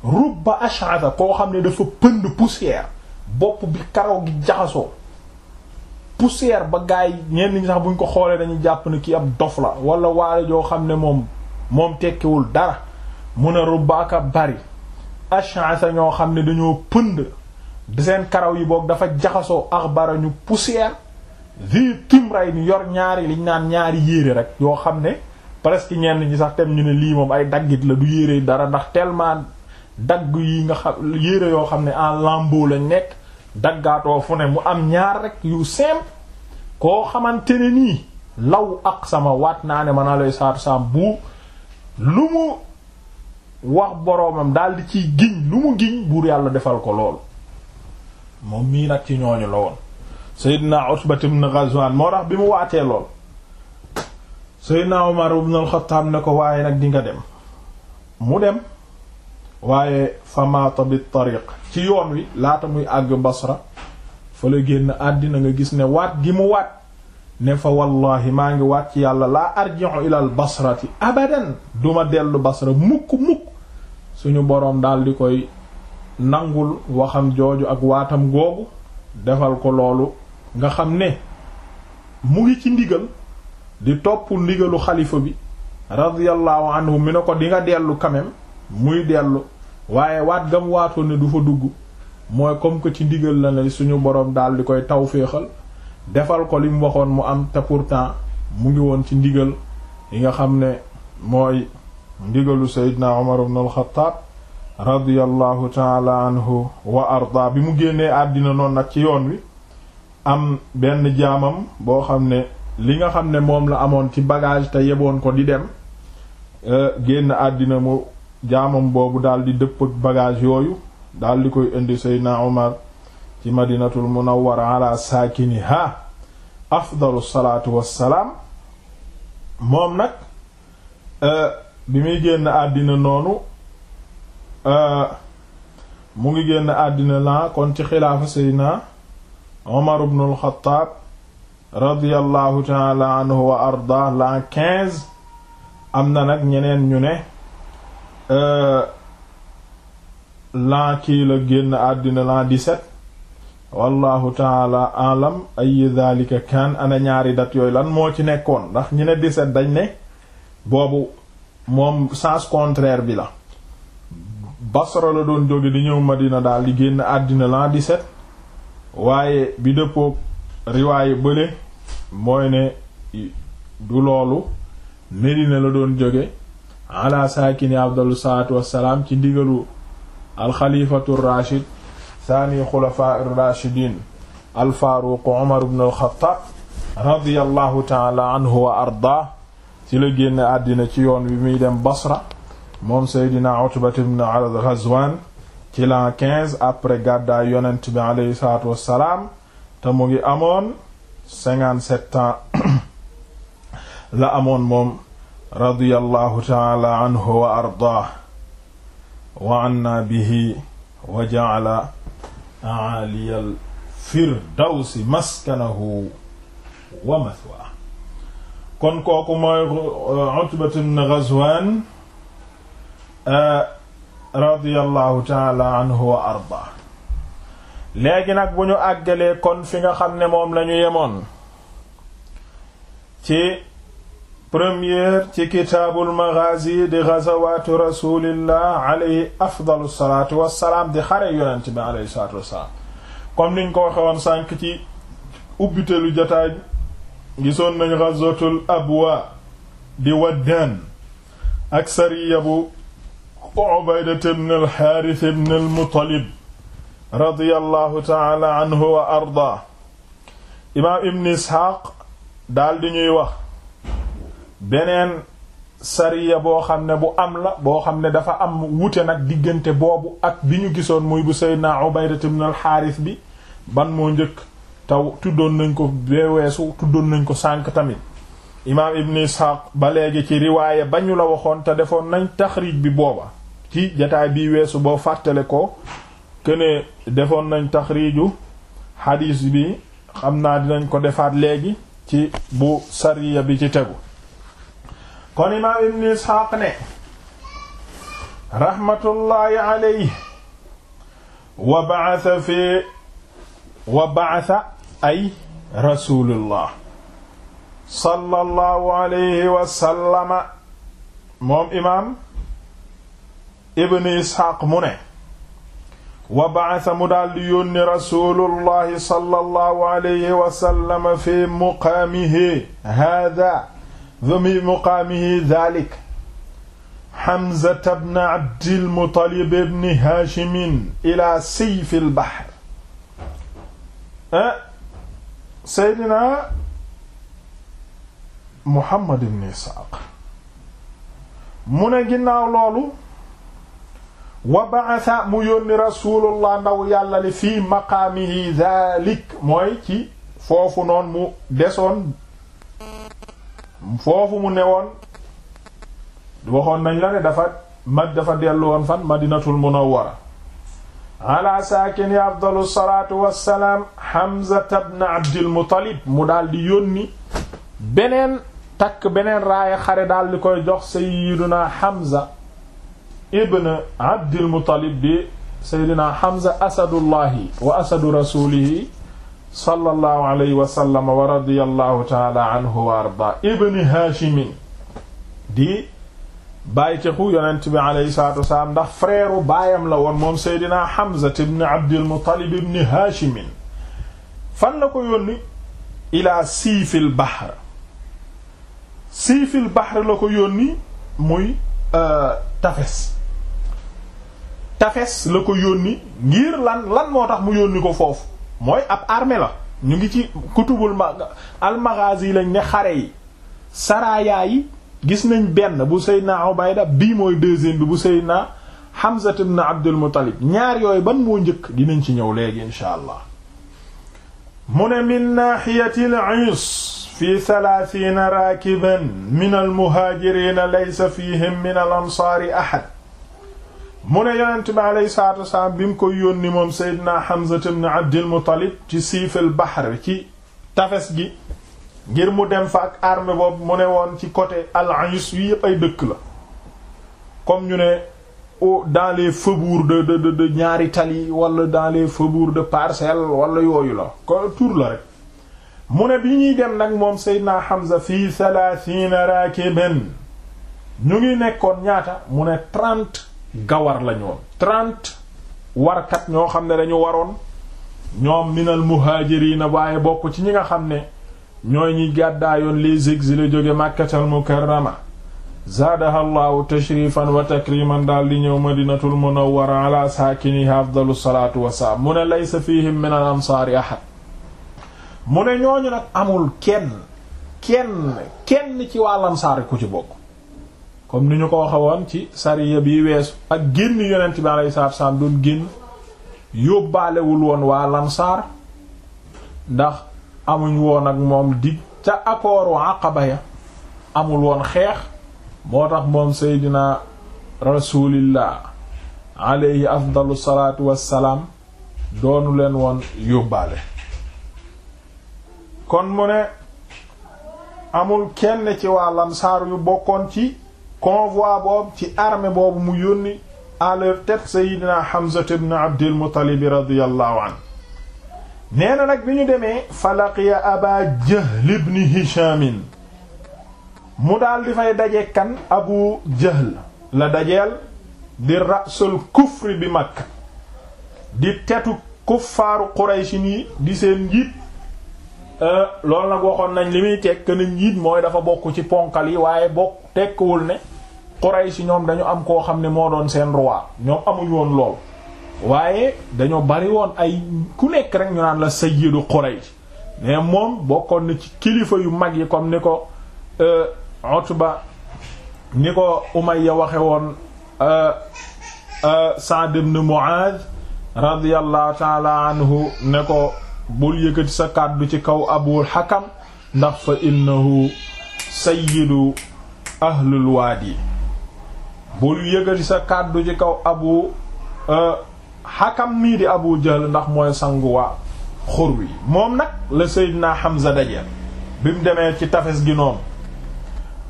rubba ash'atha koo xam ne dafa pënd poussière bopp bi karaw gi jaxasoo poussière ba gaay ñenn ñi sax buñ ko xoolee dañu jàpp ne kii ab dof la walla waale joo xam ne moom moom tekkiwul dara mun a rubbaaka bari ash'asa ñoo xam ne dañoo pënd seen karaw yi boog dafa jaxasoo axbara ñu poussière zi timray ni yor ñaari liñ naan ñaari yéere rek yoo xam ne presque ñenn ñi sax tem ñu ne lii moom ay daggit la du yéere dara ndax tellement dagg yi nga xam yéere yoo xam ne en lambeau lañ nekk daggaatoo fu ne mu am ñaar rekk yu seen koo xamante ni nii law ak sama waat naa ne man alayhi salaatu salaam bu lu mu wax boroomam daal di ciy giñ lu mu giñ buur yàlla defal ko loolu moom mii nag ci ñooñu la woon naa Utba ibn Ghazwan moo tax bi mu waatee lool Seydina Umar ibn al-Khattab ne ko waaye nag dinga nga dem mu dem waaye famaata bi tariq ci yoon wi laata muy àgg basra fa la génn àddina nga gis ne waat gi mu waat ne fa wallahi maa ngi waat ci yàlla laa arji'u ilal basrati abadan duma dellu basra mukk mukk suñu boroom daal di koy nangul waxam jooju ak waatam googu defal ko loolu nga xam ne mu ngi ci ndigal di topp ndigalu xalifa bi radiyallahu anhu mi ne ko di nga dellu quand même muy dellu waaye waat gam waatoon ne du fa dugg mooy comme que ci ndigal la ne suñu boroom daal di koy tawféexal defal ko li mu waxoon mu am te pourtant mu ngi woon ci ndigal yi nga xam ne mooy ndigalu Seydina Umar ibn al-Khattab radiyallahu taala anhu wa arda bi mu génnee àddina noon nag ci yoon wi am benn jaamam boo xam ne li nga xam ne moom la amoon ci bagage te yeboon ko di dem euh, génn àddina mu jaamam boobu daldi dëpp ak bagage yooyu daldi koy indi seydna Umar ci madinatul munawwara ala saakiniha afdalu salaatu wassalaam moom nag euh, bi muy génn àddina noonu euh, mu ngi génn àddina la kon ci xilaafa seydna Umar ibn al-Khattab radiyallahu taala anhu wa arda lan am na nag ñeneen ñu ne Euh, l'an kii la génn àddina l'an 17 wallahu taala alam ay dhalika kan ana ñaari dat yooyu lan moo ci nekkoon ndax ñi ne 17 dañ ne boobu moom sens contraire bi la Basra la doon jóge di ñëw Madina daal di génn àddina l'an 17 waaye bi dëppook riwaaye bële mooy ne du loolu Medina la doon jóge ala saakini afdalu salaatu wassalaam ci ndigalu alxalifatu rachid thani xulafa rachidin alfaaruqu omar ibn alxataab radiallahu taala anhu wa arda ci la génn àddina ci yoon bi muy dem basra moom seydina utbat ibn ghazwan ci l'an 15 après gàddaay yonent bi aleyhi salaatu wassalaam te mu ngi amoon 57 ans <coughs> la amoon moom radiyallahu taala anhu wa ardaah wa anna bihi wa ja'ala aaliyal firdawsi maskanahu wa mathwa kon kooku mooy uh, Utbatu bnu Ghazwaan uh, radiyallahu taala anhu wa ardaa léegi nag bu ñu àggalee kon fi nga xam ne moom lañu yemoon ci première ci kitaabul maghazi di ghazawaatu rasulillah alayhi afdalu salaatu wassalaam di xare yonent bi alayhi salaatu wassalaam comme niñ ko waxe woon sànq ci ubbitelu jotaay gisoon nañ ghazatul abwa di waddaan ak sariya bu ubaydata ibn al xaaris ibn al muttalib radiyallahu taala anhu wa arda imaam ibn isxaaq daal di ñuy wax beneen sariya boo xam ne bu am la boo xam ne dafa am wute nag diggante boobu ak bi ñu gisoon muy bu Seydina Ubaydat ibn al-Harith bi ban moo njëkk taw tuddoon nañ ko beeweesu tuddoon nañ ko sànq tamit imaam Ibn Ishaq ba léegi ci riwaaye bañu la waxoon te defoon nañ taxriij bi booba ci jataay bii weesu boo fàttale ko këne defoon nañ taxriiju xadiis bi xam naa dinañ ko defaat léegi ci bu sariya bi ci tegu kon imaam ibn isxaaq ne raxmatullaahi alayhi wa ba'atha fi wa ba'atha ay rasulullah sallallahu alayhi wa sallama moom imaam ibn isxaaq mu ne wa ba'atha mu daldi yónni rasulullahi sallallahu alayhi wa sallama fi muqaamihi haadaa dami muqaamihi dhalik Hamza bn Abdil Muttalib ibn Haashimin ila sayfil bahr eh? Seydina Muhammad ibn Isxaaq mu ne ginnaaw loolu wa ba'atha mu yónni Rasuulullah ndaw yàlla li fii maqaamihi dhalik mooy ci foofu noonu mu desoon foofu mu newoon waxoon nañ la dafa maj dafa dellu woon fan madinatul munawwara ala saakini afdalu salaatu wassalaam Hamza ibn Abdul Muttalib mu daal di yónni beneen takk beneen raaya xare daal di koy jox sayyiduna Hamza ibn Abdul Muttalib bi sayyiduna Hamza asadullahi wa asadu rasulihi sallallahu alayhi wa sallam wa radiyallahu taala anhu wa arda ibni haashimin di bàytexu yonent bi alayhi salaatu wasalaam ndax frère baayam la woon moom seydina Hamza ibn Abdil Muttalib ibn haashimin fan la ko yónni ilaa siifil bahr siifil bahr la ko yónni muy euh, tafes tafes la ko yónni ngir lan lan moo tax mu yónni ko foofu mooy ab armée ñu ngi ci kutubul almaghazi lañ ne xare yi saraya yi gis nañ benn bu Seydina Ubayda bi mooy deuxième bi bu Seydina Hamza ibn Abdul Muttalib ñaar yooyu ban moo njëkk dinañ ci ñëw léegi insha allah mu ne min naaxiyati al-Iis fi thalaathiina min al-muhaajiriina laysa min al-ansaari ahad mu ne yonent bi aleyhi salaatu wasalaam bi mu koy yónni moom Seydina Hamza ibn Abdil Muttalib ci siifal bahr ci tafes gi ngir mu dem fa ak armée boobu mu ne woon ci côté al-Aïs yu yépp ay dëkk la comme ñu ne dans les faubourgs de de ñaari tali wala dans les faubourgs de Parcelles wala yooyu la ko tur la rek mu ne bi ñuy dem nag moom Seydina Hamza fii thalathina rakiban ñu ngi nekkoon ñaata mu ne trente gawar lañu woon trente warkat ñoo xam ne dañu waroon ñoom minal muhaajiriina waaye bokk ci ñi nga xam ne ñooy ñi gàddaayoon les exilés jóge màkkatal mukarrama zaadaha llahu tashrifan wa takriman daal di ñëw madinatul munawwara ala saakinihi afdalu salaatu wasalaam mu ne laysa fihim min al ansaari ahad mu ne ñooñu nag amul kenn kenn kenn ci waa lansaari ku ci bokk comme ni ñu ko waxe woon ci sariya bi weesu ak génn yonent bi alayhi salaatu salaam doon génn yóbbaalewul woon waa lansaar ndax amuñ woon ak moom dig ca accord wa ya amul woon xeex moo tax moom seydina rasulillah alayhi afdalu salaatu wassalaam doonu leen woon yóbbaale kon mu ne amul kenn ci waa lansaar yu bokkoon ci convoi boobu ci arme boobu mu yónni à leur tête Seydina Hamza ibn Abdil Muttalib radiyallahu anhu nee na nag bi ñu demee falaqiya Aba Jahl ibn Hisham mu daal di fay daje kan Abu Jahl la dajeel di rasul kufri bi Makka di tetu kuffaaru Quraysh yi di seen njiit euh, loolu nag waxoon nañ li muy tekk na njiit mooy dafa bokk ci ponkal yi waaye bokk tekkiwul ne Quraysh ñoom dañu am koo xam ne moo doon seen roi ñoom amuñ woon lool waaye dañoo bari woon ay ku nekk rek ñu naan la sayyidu Quraysh mais moom bokkoon na ci kilifa yu mag yi comme ni ko euh, Utba ni ko Umayya waxe woon euh, euh, Sa'd ibn radiyallahu taala anhu ne ko bul yëkkati sa kàddu ci kaw Abul Hakam ndax fa innahu sayyidu ahlul yi bul yëgati sa kàddu ci kaw abu xakam euh, mii di abu jahl ndax mooy sangu waa xur moom nag la seydina Hamza dajeel bi mu demee ci tafes gi noonu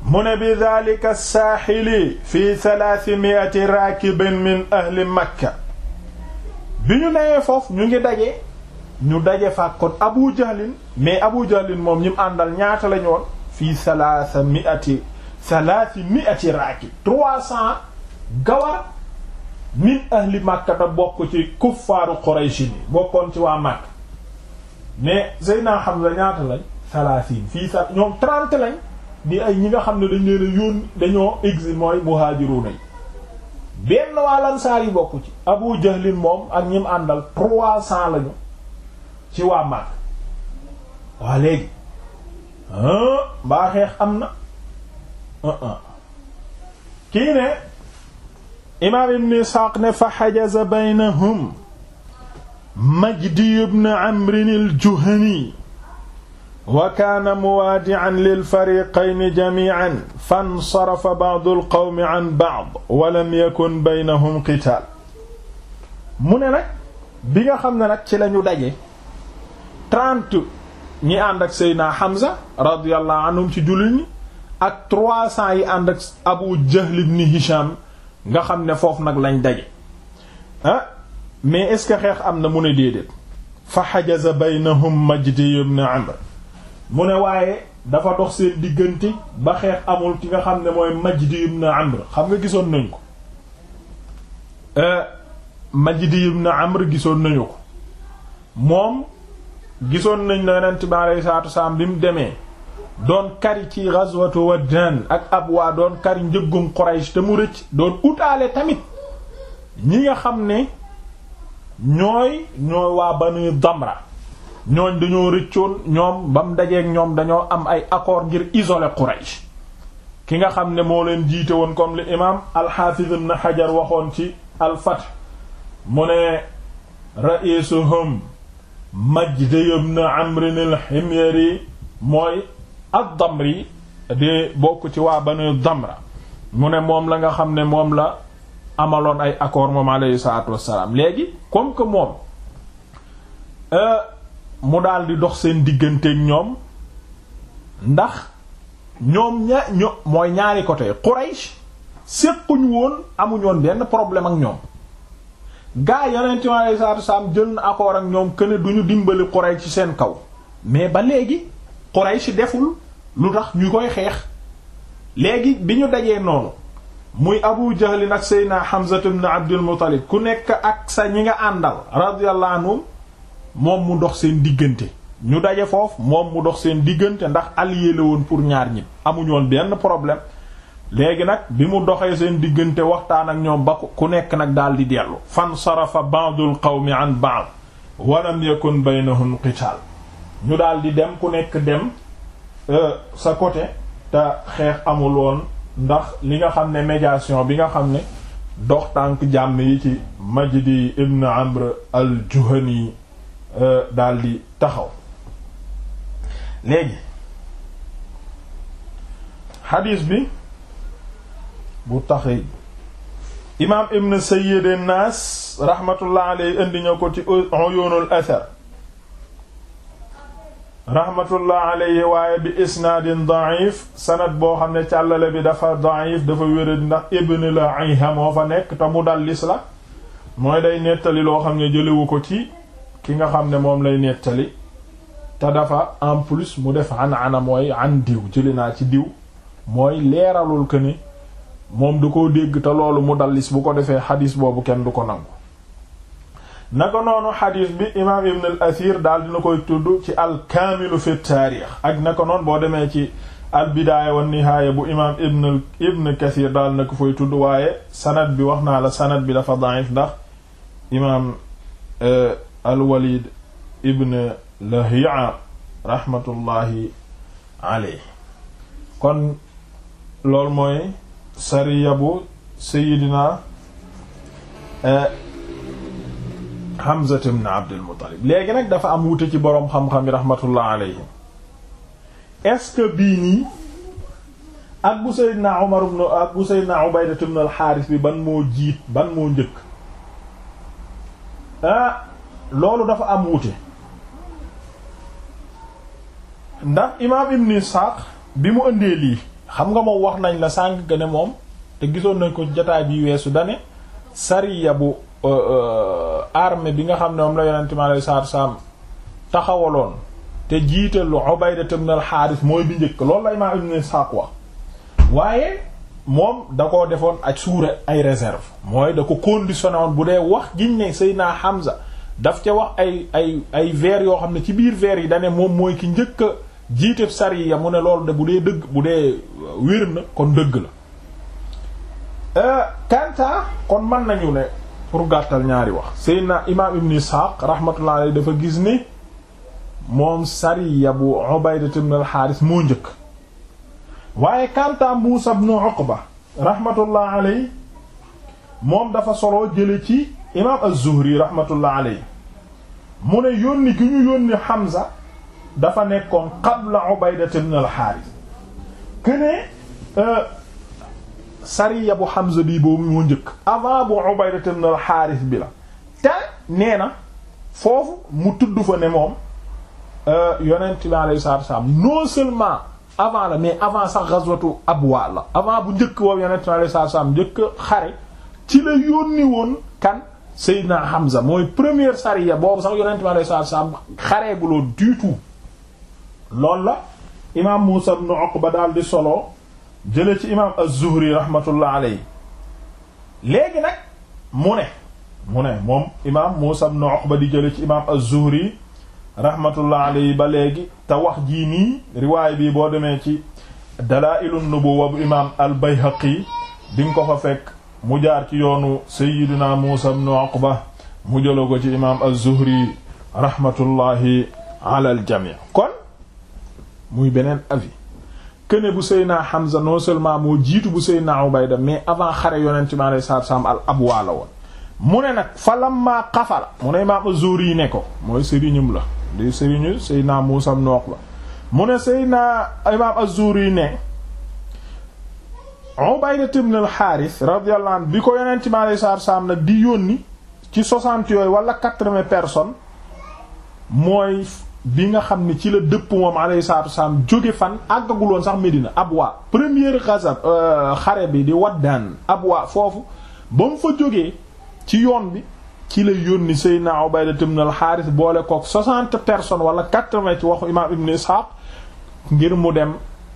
mu ne bi daalika saaxili fii talaati miati raakibin min ahli makka bi ñu newee foofu ñu ngi daje ñu daje faak kon abu jahlin mais abu jahlin moom ñi mu àndal ñaata lañu woon fii talaata salaasi mi'ati raakib trois cent gawar min ahli Makka te bokk ci kuffaaru Quraysh ni bokkoon ci waa Makka mais Seydina la ñaata lañ salaasiin fii sa ñoom trente lañ di ay ñi nga xam ne dañ leen a yónni dañoo exil mooy muhaajiruuna yi benn waa Ansaar yi bokk ci Abu Jahlin moom ak ñim àndal trois cent lañu ci waa Makka waa léegi mbaa xeex am na Uh-uh. kii ne imaam ibn Isxaaq ne fa xajaza baynahum Majdi ibn Amr al-Juhani wa kaana muwaadi'an lil-fariiqayni jamii'an fansarafa ba'du al-qawmi 'an ba'd wa lam yakun baynahum qitaal mu ne nag bi nga xam ne nag ci lañu daje trente ñi ànd ak Seydina Hamza radiyallahu anhum ci jullit ñi ak 300 yi ànd ak Abu Jahl ibn Hisham nga xam ne foofu nag lañ daje ah mais est-ce xeex am na mu ne déedéet fa hajaza baynahum Majdi ibn Amr mu ne waaye dafa dox seen diggante ba xeex amul ki nga xam ne mooy Majdi na Amr xam nga gisoon nañ ko eh, Majdi na Amr gisoon nañu ko moom gisoon nañ na Yonent bi alayhi salaatu wa salaam bi mu demee doon kari ci ghazwatu Waddaan ak Abwa doon kari njëggum Quraysh te mu rëcc doon utaale tamit ñi nga xam ne ñooy ñooy waa Banu Damra ñooñ dañoo rëccoon ñoom ba mu dajeek ñoom dañoo am ay accord ngir isoler Quraysh ki nga xam ne moo leen jiite woon comme li imaam al-Hafiz ibn waxoon ci al-Fath mu ne ra'isuhum Majd ibn Amr al-Himyari mooy ad-Damri de bokk ci waa ba ne Damra mu ne moom la nga xam ne moom la amaloon ay accord moom alayhi salaatu wassalaam léegi comme que moom euh, mu daal di dox seen digganteeg ñoom ndax ñoom ña ño mooy ñaari côté Quraysh séquñu woon amuñoon benn problème ak ñoom gaa yonent mi alayhi salaatu wassalaam jël na accord ak ñoom que ne duñu dimbali Quraysh ci seen kaw mais ba léegi. Quraysh deful lu tax ñu koy xeex léegi bi ñu dajee noonu muy Abu Jahl ak Seydina Hamza ibn Abdul Muttalib ku nekk ak sa ñi nga àndal radiyallahu moom mu dox seen diggante ñu daje foofu moom mu dox seen diggante ndax allié la woon pour ñaar ñi amuñu woon benn problème léegi nag bi mu doxee seen diggante waxtaan ak ñoom ba ku nekk nag daal di dellu fan sarafa ba'dul qawmi an ba'd wa lam yakun baynahum qital ñu daal di dem ku nekk dem euh, sa côté te xeex amul ndax li nga xam ne médiation bi nga xam ne dox tànk jàmm yi ci Majdi ibn Amr al-Juhani euh, daal taxaw léegi xadiis bi bu taxi imaam ibn Sayyid an-Nas rahmatullah indi ñoo ko ci Uyunul Athar rahmatullah alayhi waaye bi isnaadin daif sanad boo xam ne càllale bi dafa daif dafa wérad ndax ibn la moo fa nekk te mudallis la mooy day nettali loo xam ne jëlewu ko ci ki nga xam ne moom lay nettali te dafa en plus mu def an ana mooy an diw jëli naa ci diw mooy leeralul que ni moom du ko dégg te loolu mu mudallis bu ko defee xadis boobu kenn du ko nangu naka noonu xadis bi imaam ibn al asir daal dina koy tudd ci al kaamilu fi taarix ak naka noonu boo demee ci al bidaaya wa nihaaya bu imaam ibn ibn daal na ko fay tudd waaye sanad bi wax naa la sanad bi dafa da'if ndax imaam euh, ibn lahiya rahmatullahi alayhi mooy sariya bu Hamza ibn Abdul Muttalib léegi nag dafa am wute ci boroom xam-xam yi rahmatullah alayhim est-ce que bii nii ak bu Seydina Umar ibn ak al-Haaris bi ban moo jiit ban moo njëkk ah loolu dafa am wute ndax imaam Ibn Isxaaq bi mu ëndee lii xam nga moom wax nañ la sànq ne moom te gisoon nañ ko jataay bi weesu dane sariya bu Euh, euh, armée bi nga xam ne moom la yonente mi alei salaatu salaam taxawaloon te jiital Ubayda ibn al-Haaris mooy bi njëkk loolu la imaam Ibn Isaaq wax waaye moom da ko defoon ak suure ay réserve mooy da ko conditionné woon bu dee wax giñ ne Seydina Hamza daf ca wax ay ay ay vers yoo xam ne ci biir vers yi dane moom mooy ki njëkk a jiiteb sariya mu ne loolu de bu dee dëgg bu dee wér na kon dëgg la kanta euh, kon mën nañu ne pour gàttal ñaari wax seydna imaam ibn isxaaq rahmatullahi alayhi dafa gis ni moom sariya bu ubaydat ibn alxaaris moo njëkk waaye kanta muusa ibn uqba rahmatullahi alayhi moom dafa soloo jële ci imaam az-zuhri rahmatullahi alayhi mu ne yónni gi ñu yónni Hamza dafa nekkoon qabla ubaydat ibn alxaaris kene euh, sariya bu Hamza bii boobu moo njëkk avant bu Ubayda ibn al-Harith bi la te nee na foofu mu tudd fa ne moom euh, yonent bi alayhi salaatu wasallam non seulement avant la mais avant sax ghazwatu Abwa la avant bu njëkk boobu yonent bi alayhi salaatu wasallam njëkk xare ci la yónni woon kan Seydina Hamza mooy premier sariya boobu sax yonent bi alayhi salaatu wasallam xareeguloo du tout loolu la imaam Muusaa ibn Uqba daal di solo jële ci imaam az-Zuhri rahmatullah alayhi léegi nag mu ne moom imaam Muusa ibn Uqba di jële ci imaam az-Zuhri rahmatullah alayhi ba léegi te wax jii nii riwaay bii boo demee ci Dalaa'ilu Nubuwwa bu imaam al-Bayhaqi di nga ko fa fekk mu jaar ci yoonu Seyyidina Muusa ibn Uqba mu jëloo ko ci imaam az-Zuhri rahmatullahi ala al-jamii' kon muy beneen avis këne bu Seyna Hamza non seulement moo jiitu bu Seyna Ubayda mais avant xare yonent mi alayhi salaatu salaam al abwaa la woon mu ne nag falamma xafala mu ne imaam Zuhri yi ne ko mooy sëriñum la di sëriñu Seyna Muusaa ibn Uqba mu ne Seyna imaam Az-Zuhri ne Ubayda ibn al-Haaris radiyallahu anhu bi ko yonent mi alayhi salaatu salaam nag di yónni ci soixante yooyu wala quatre-vingts personnes mooy bi nga xam ne ci la dëpp moom alayhi salaatu wasalaam jóge fan àggaguloon sax Medina Abwa première xasab euh, xare bi di waddaan Abwa foofu ba mu fa jógee ci yoon bi ci la yónni Seydina Ubayda ibn al-Harith boole kook soixante personnes wala quatre-vingts ci waxu imaam Ibn Ishaq ngir mu dem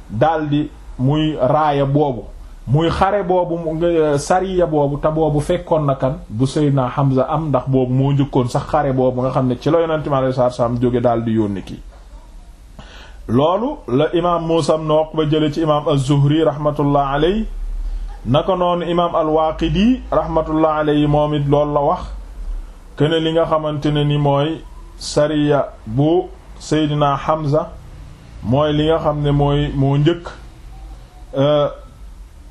daldi muy raaya boobu muy xare boobu euh, sariya boobu te boobu fekkoon na kan bu Seydina Hamza am ndax boobu moo njëkkoon sax xare boobu nga xam ne ci la yonent mi alayhi salaatu salaam jóge daal di yónni kii loolu la imaam Muusaa ibn Uqba jële ci imaam az-Zuhri rahmatullah alayhi naka noonu imaam al-Waaqidi rahmatullah alayhi moom it loolu la wax kene li nga xamante ne ni mooy sariya bu Seydina Hamza mooy li nga xam ne mooy moo njëkk euh,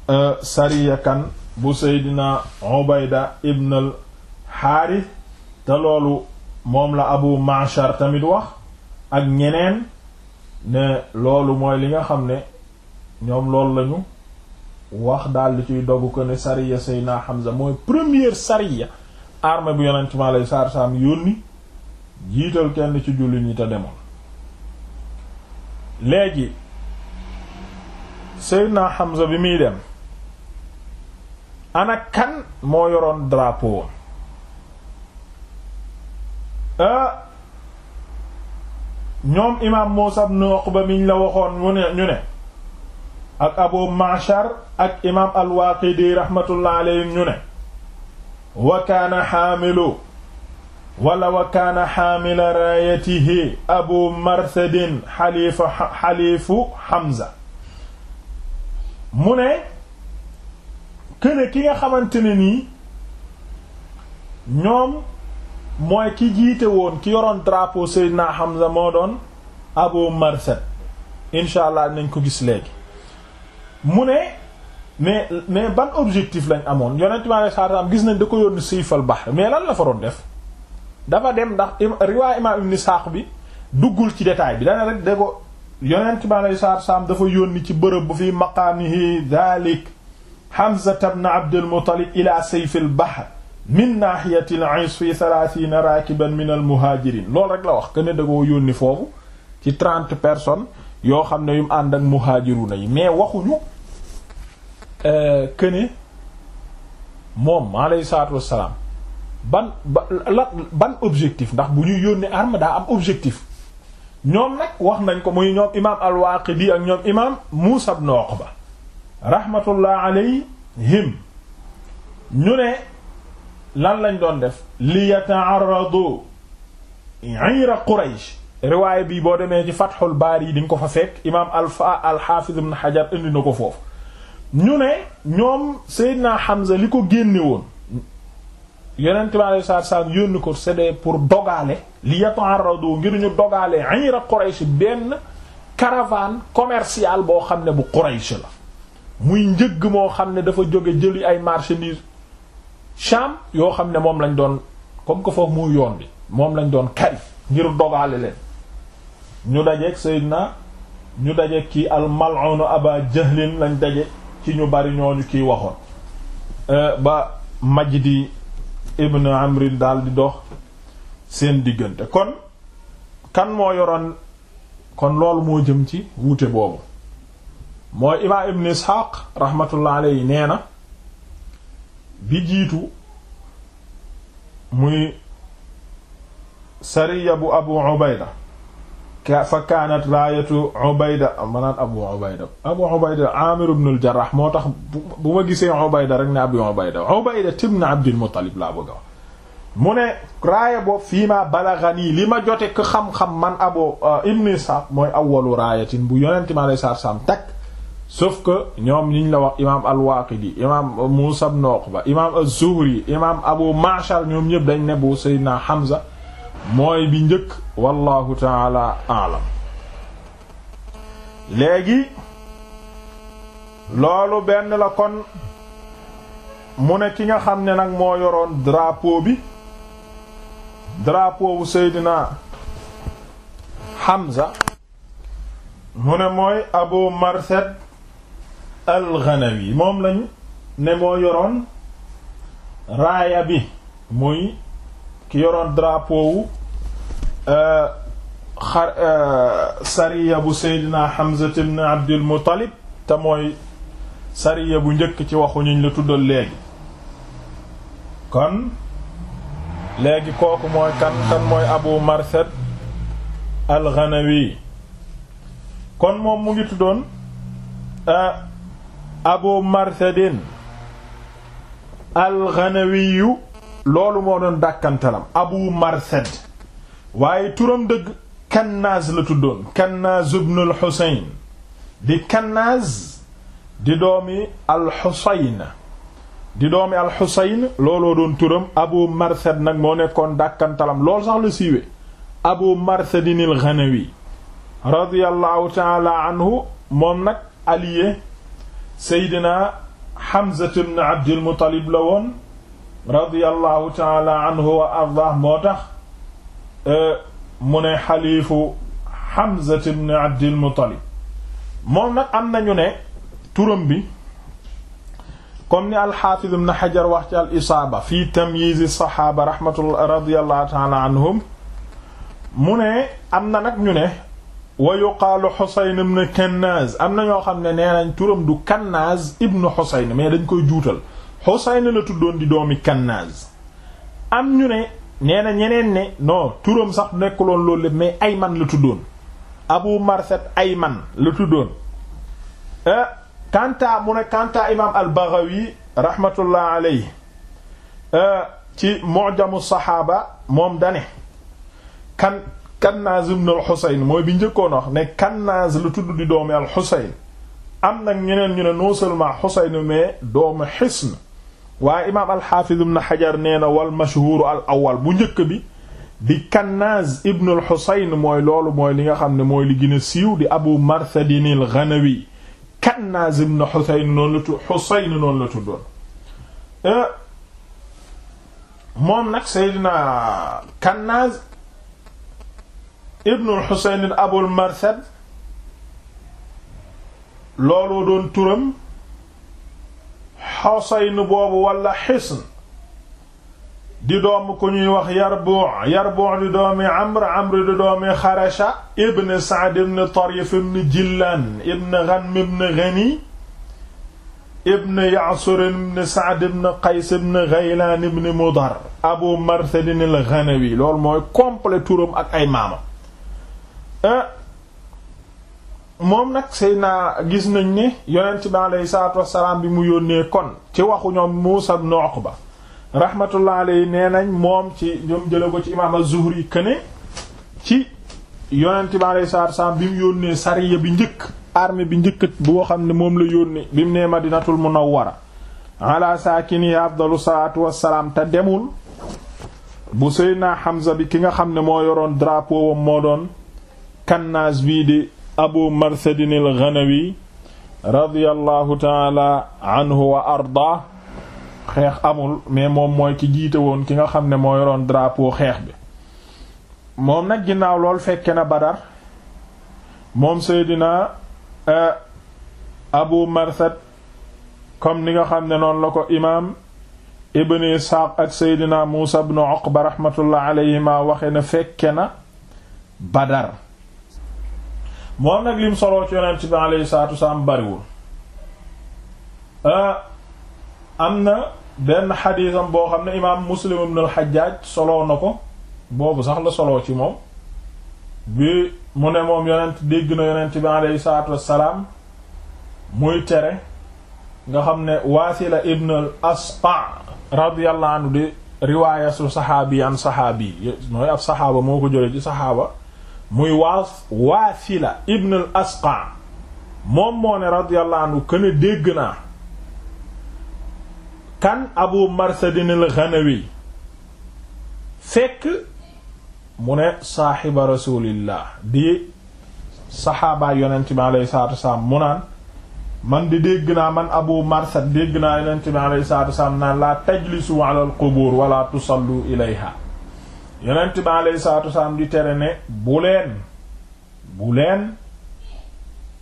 Euh, sariyakan bu seydina ubayda ibn al xaaris te loolu moom la abu mashar tamit wax ak ñeneen ne loolu mooy li nga xam ne ñoom loolu lañu wax di ciy dogu ko ne sariya seydina Hamza mooy premier sariya armée bu yonent mi alayhi salaatu salaam yónni jiital kenn ci jullit ñi te demoon léegi seydina Hamza bi muy dem ana kan moo yoroon drapeau ah ñoom imaam Muusaa ibn Uqba miñ la waxoon mu ak Abu Ma'shar ak imaam al-Waaqidi rahmatullah alayhim ñu wa kaana xaamilu wala wa kaana xaamila raayatihi Abu Marsadin xaliifa xaliifu mu ne këne ki nga xamante ne nii ñoom mooy ki jiite woon ki yoroon drapeau Seydina Hamza moo doon Abu Marsad incha allah nañ ko gis léegi mu ne mais mais ban objectif lañ amoon yonent mi alayhi salaatu salaam gis nañ di ko yónni Sayfal Bahr mais lan la fa doon def dafa dem ndax riwaay imaam Ibn Isaaq bi duggul ci détail bi dana rek da ko yonent baa alayhi salaatu salaam dafa yónni ci bërëb bu fi maqaamihi daalik Hamza ibn Abdul Muttalib ila sayf al bahr min nahiyati al is fi thalathina rakiban min al muhajirin loolu rek la wax que ne da koo yónni foofu ci trente personnes yoo xam ne yu mu ànd ak muhajiruna yi mais waxuñu euh, que ne moom alayhi salaatu wassalaam ban ban objectif ndax bu ñuy yónnee arme daa am objectif ñoom nag wax nañ ko muy ñoom imaam al-Waaqidi ak ñoom imaam Muusaa ibn Uqba rahmatullah alayhim ñu ne lan lañ doon def li yata'arradu ira quraysh riwaay bi boo demee ci fathul baari yi di ko fa fekk imaam al alxaafiz ibn xajar indi na ko foofu ñu ne ñoom Seydina Hamza li ko génne woon yonent bi alayhi salaatu salaam yónni ko c'est pour dogale li yata'arradu ngir ñu dogale ira quraysh benn caravane commerciale boo xam ne bu quraysh la muy njëg moo xam ne dafa jóge jëli ay marchandises Sham yoo xam ne moom lañ doon comme que foofu muy yoon bi moom lañ doon kari ngir dogaale leen ñu dajeeg Seydina ñu dajeeg ki al-mal'un Aba Jahlin lañ daje ci ñu bari ñooñu kiy waxoon euh, ba Majdi ibn Amrin daal di dox seen diggante kon kan moo yoroon kon loolu moo jëm ci wuute boobu mooy imaam ibn isxaaq rahmatullah alayhi nee na bi jiitu muy sariya bu abu ubayda fa kaanat raayatu ubayda manaan abu ubayda abu ubayda amir ibn al jarrah moo tax bu gisee ubayda rek ne abu ubayda ubayda ibn abdul mu ne raaya boobu fii ma balaghani ma jote ko xam-xam man abu uh, ibn isxaaq mooy awwalu raayatin bu yonente mi alei satu sauf que ñoom ñi la wax imaam al-Waaqidi imaam Muusaa ibn Uqba imaam az-Zuhri imaam Abu Ma'shar ñoom ñëpp dañ ne Seydina Hamza mooy bi njëkk wallahu taala aalam léegi loolu benn la kon mu ne ki nga xam ne nag moo yoroon drapeau bi drapeau wu Seydina Hamza mu ne mooy Abu Marsad al-Ghanawi moom lañ ne moo yoroon raaya bi muy ki yoroon drapowu wu euh, euh, sariya bu Seydina Hamza ibn Abdul Muttalib te mooy sariya bu njëkk ci waxu ñuñ la tuddal léegi kon léegi kooku mooy kan kan mooy Abu Marsad al-Ghanawi kon moom mu ngi tuddoon euh, abu marthadin alxanawiyu loolu moo doon dàkkantalam abu marthad waaye turam dëgg kannaaz la tuddoon kannaaz ibn xusayn di kannaaz di doomi al xusayn di doomi al xusayn looloo doon turam abu marthad nag moo nekkoon dàkkantalam loolu sax la siiwe abu marthadin al xanawi radiyallahu taala anhu moom nag allié seydina Hamza ibn Abdul Muttalib la woon radiyallahu taala anhu wa ardah moo tax e, mu ne xaliifu Hamza ibn Abdul Muttalib moom nag am nañu ne turam bi comme ni alxaafiz ibn Hajar wax ci al isaaba fi tamyiz saxaaba rahmatullah radiyallahu taala anhum mu ne am na nag ñu ne wa yuqaalu Xusayn ibn Kannaaz am na ñoo xam ne nee nañ turam du Kannaaz ibn Xusayn mais dañ koy juutal Xusayn la tuddoon di doomi Kannaaz am ñu ne nee na ñeneen ne non turam sax nekkuloon loolu lépp mais Ayman la tuddoon Abu Marsad Ayman la tuddoon ah eh, Kantaa mu ne Kantaa imaam al-Baghawi rahmatullah alayhi eh, ci mojamu Saxaaba moom dane Kannaaz ibn al-Husayn mooy bi njëkkoon wax ne Kannaaz tudd di doomi al-Husayn am nag ñeneen ñu ne non seulement Husayn mais doomu Hisn waaye imaam al-Hafiz ibn Hajar nee na wal mashhur al awal bu njëkk bi di Kannaaz ibn al-Husayn mooy loolu mooy li nga xam ne mooy li gën a siiw di Abu Marthadin al-Ghanawi Kannaaz ibn Husayn noonu la tudd Husayn noonu la tuddoon eh, ibnul xuseyn abul marsad looloo doon turam xuseyn boobu walla xisn di doom ku ñuy wax yarbu' yarbu' di doomi amr amr di doomi xarasha ibn sa'd ibn tarif ibn jillaan ibn ghanm ibn ghani ibn ya'sur ibn sa'd ibn qays ibn ghaylaan ibn mudar abu marsad al-ghanawi loolu mooy complet turam ak ay maama Euh, moom nag naa gis nañ ni yonent bi aleyhi salaatu wassalaam bi mu yónnee kon ci waxu ñoom Muusa ibn Uqba rahmatullah aleyhi nee nañ moom ci ñoom jële ko ci imaam az-Zuhri këne ci yonent bi aleyhi salaatu wassalaam bi mu yónnee sariya bi njëkk armée bi njëkk boo xam ne moom la yónnee bi mu nee Madinatul Munawwara ala saakini afdalu salaatu wassalaam te demul bu Seydina Hamza bi ki nga xam ne moo yoroon drapeau wam moo doon kannaas bii di abu marsadin al ghanawi radiyallahu taala anhu wa arda xeex amul mais moom mooy ki jiite woon ki nga xam ne moo yoroon drapeau xeex bi moom nag ginnaaw lool fekke na badar moom seydina eh, abu marsad comme ni nga xam ne noon la ko imaam ibn isxaaq ak seydina muusa ibn uqba rahmatullah alayhima waxe na fekke na badar moom nag lim soloo ci yonent bi alayhi salaatu wasalaam bariwul ah, am na benn xadiisam boo xam ne imaam muslim ibn al-Hajjaj soloo na ko boobu sax la soloo ci moom bi mu ne moom yonent dégg na yonent bi alayhi salaatu wasalaam muy tere nga xam ne Waasila ibn al-Asqa radiyallahu anhu di riwaaya su saxaabi an saxaabi mooy ab saxaaba moo ko jële ci saxaaba muy waas waasila ibn al asqa moom moo ne radiyallahu anhu këne dégg naa kan abu marsadin al ghanawi fekk mu ne saaxiba rasulillah di saxaabaa yonent bi alayhi salaatu wasalaam mu naan man di dégg naa man abu marsad dégg naa yonent bi alayhi salaatu wasalaam naan laa tajlisu ala al qubur wala tusallu ilayha yonent bi alayhi salaatu wasalaam di tere ne bu leen bu leen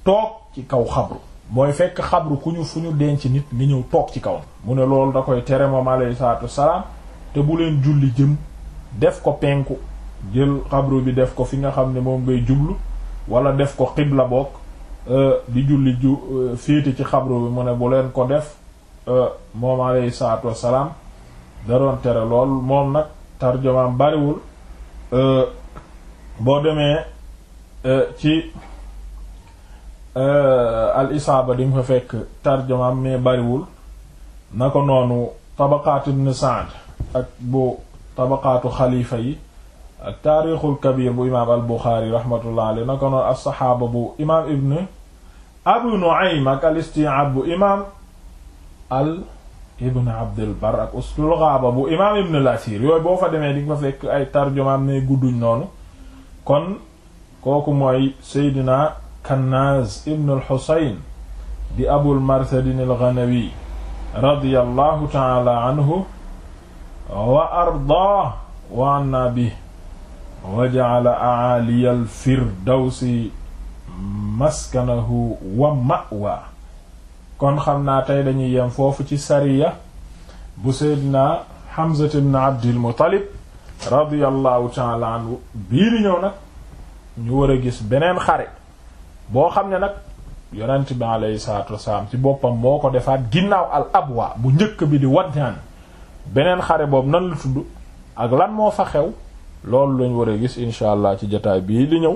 toog ci kaw xabru mooy fekk xabru ku ñu fu ñu denc nit nga ñëw toog ci kawam mu ne loolu da koy tere moom alayhi salaatu wasalaam te bu leen julli jëm def ko penku jël xabru bi def ko fi nga xam ne moom ngay jublu wala def ko xibla bokk euh, di julli ju euh, féete ci xabru bi mu ne bu leen ko def euh, moom alayhi salaatu salaam da doon tere lool moom nag tarjumaam bariwul euh, boo euh, ci euh, al isaaba di nga fa fekk tarjumaam mais bariwul na ko noonu tabaqaatu ibn Sa'd ak bu tabaqaatu xalifa yi ak taarixul kabir bu imaam al Buxaari rahmatullah alayhi na ko noonu as saxaaba bu imaam ibn Abu Nu'aym ak al isti'ab bu imaam al ibn abdul bar ak usul ghaaba bu imaam ibn al-asir yooyu boo fa demee di nga fa fekk ay tarjumaam ne gudduñ noonu kon kooku mooy seydina kannaaz ibn al-husayn di abul marsadin al-ghanawi radiyallahu ta'ala anhu wa ardaah wa anna bi wa ja'ala a'aaliya al-firdawsi maskanahu wa ma'wa kon xam naa tey dañuy yem foofu ci sariya bu seydina Hamza ibn Abdil Muttalib radiyallahu ta'ala anhu bii di ñëw nag ñu war a gis beneen xare boo xam ne nag yonent bi alayhi salaatu wasalaam ci boppam moo ko defaat ginnaaw al abwa bu njëkk bi di waddaan beneen xare boobu nan la tudd ak lan moo fa xew loolu lañ war a gis incha allah ci jotaay bii di ñëw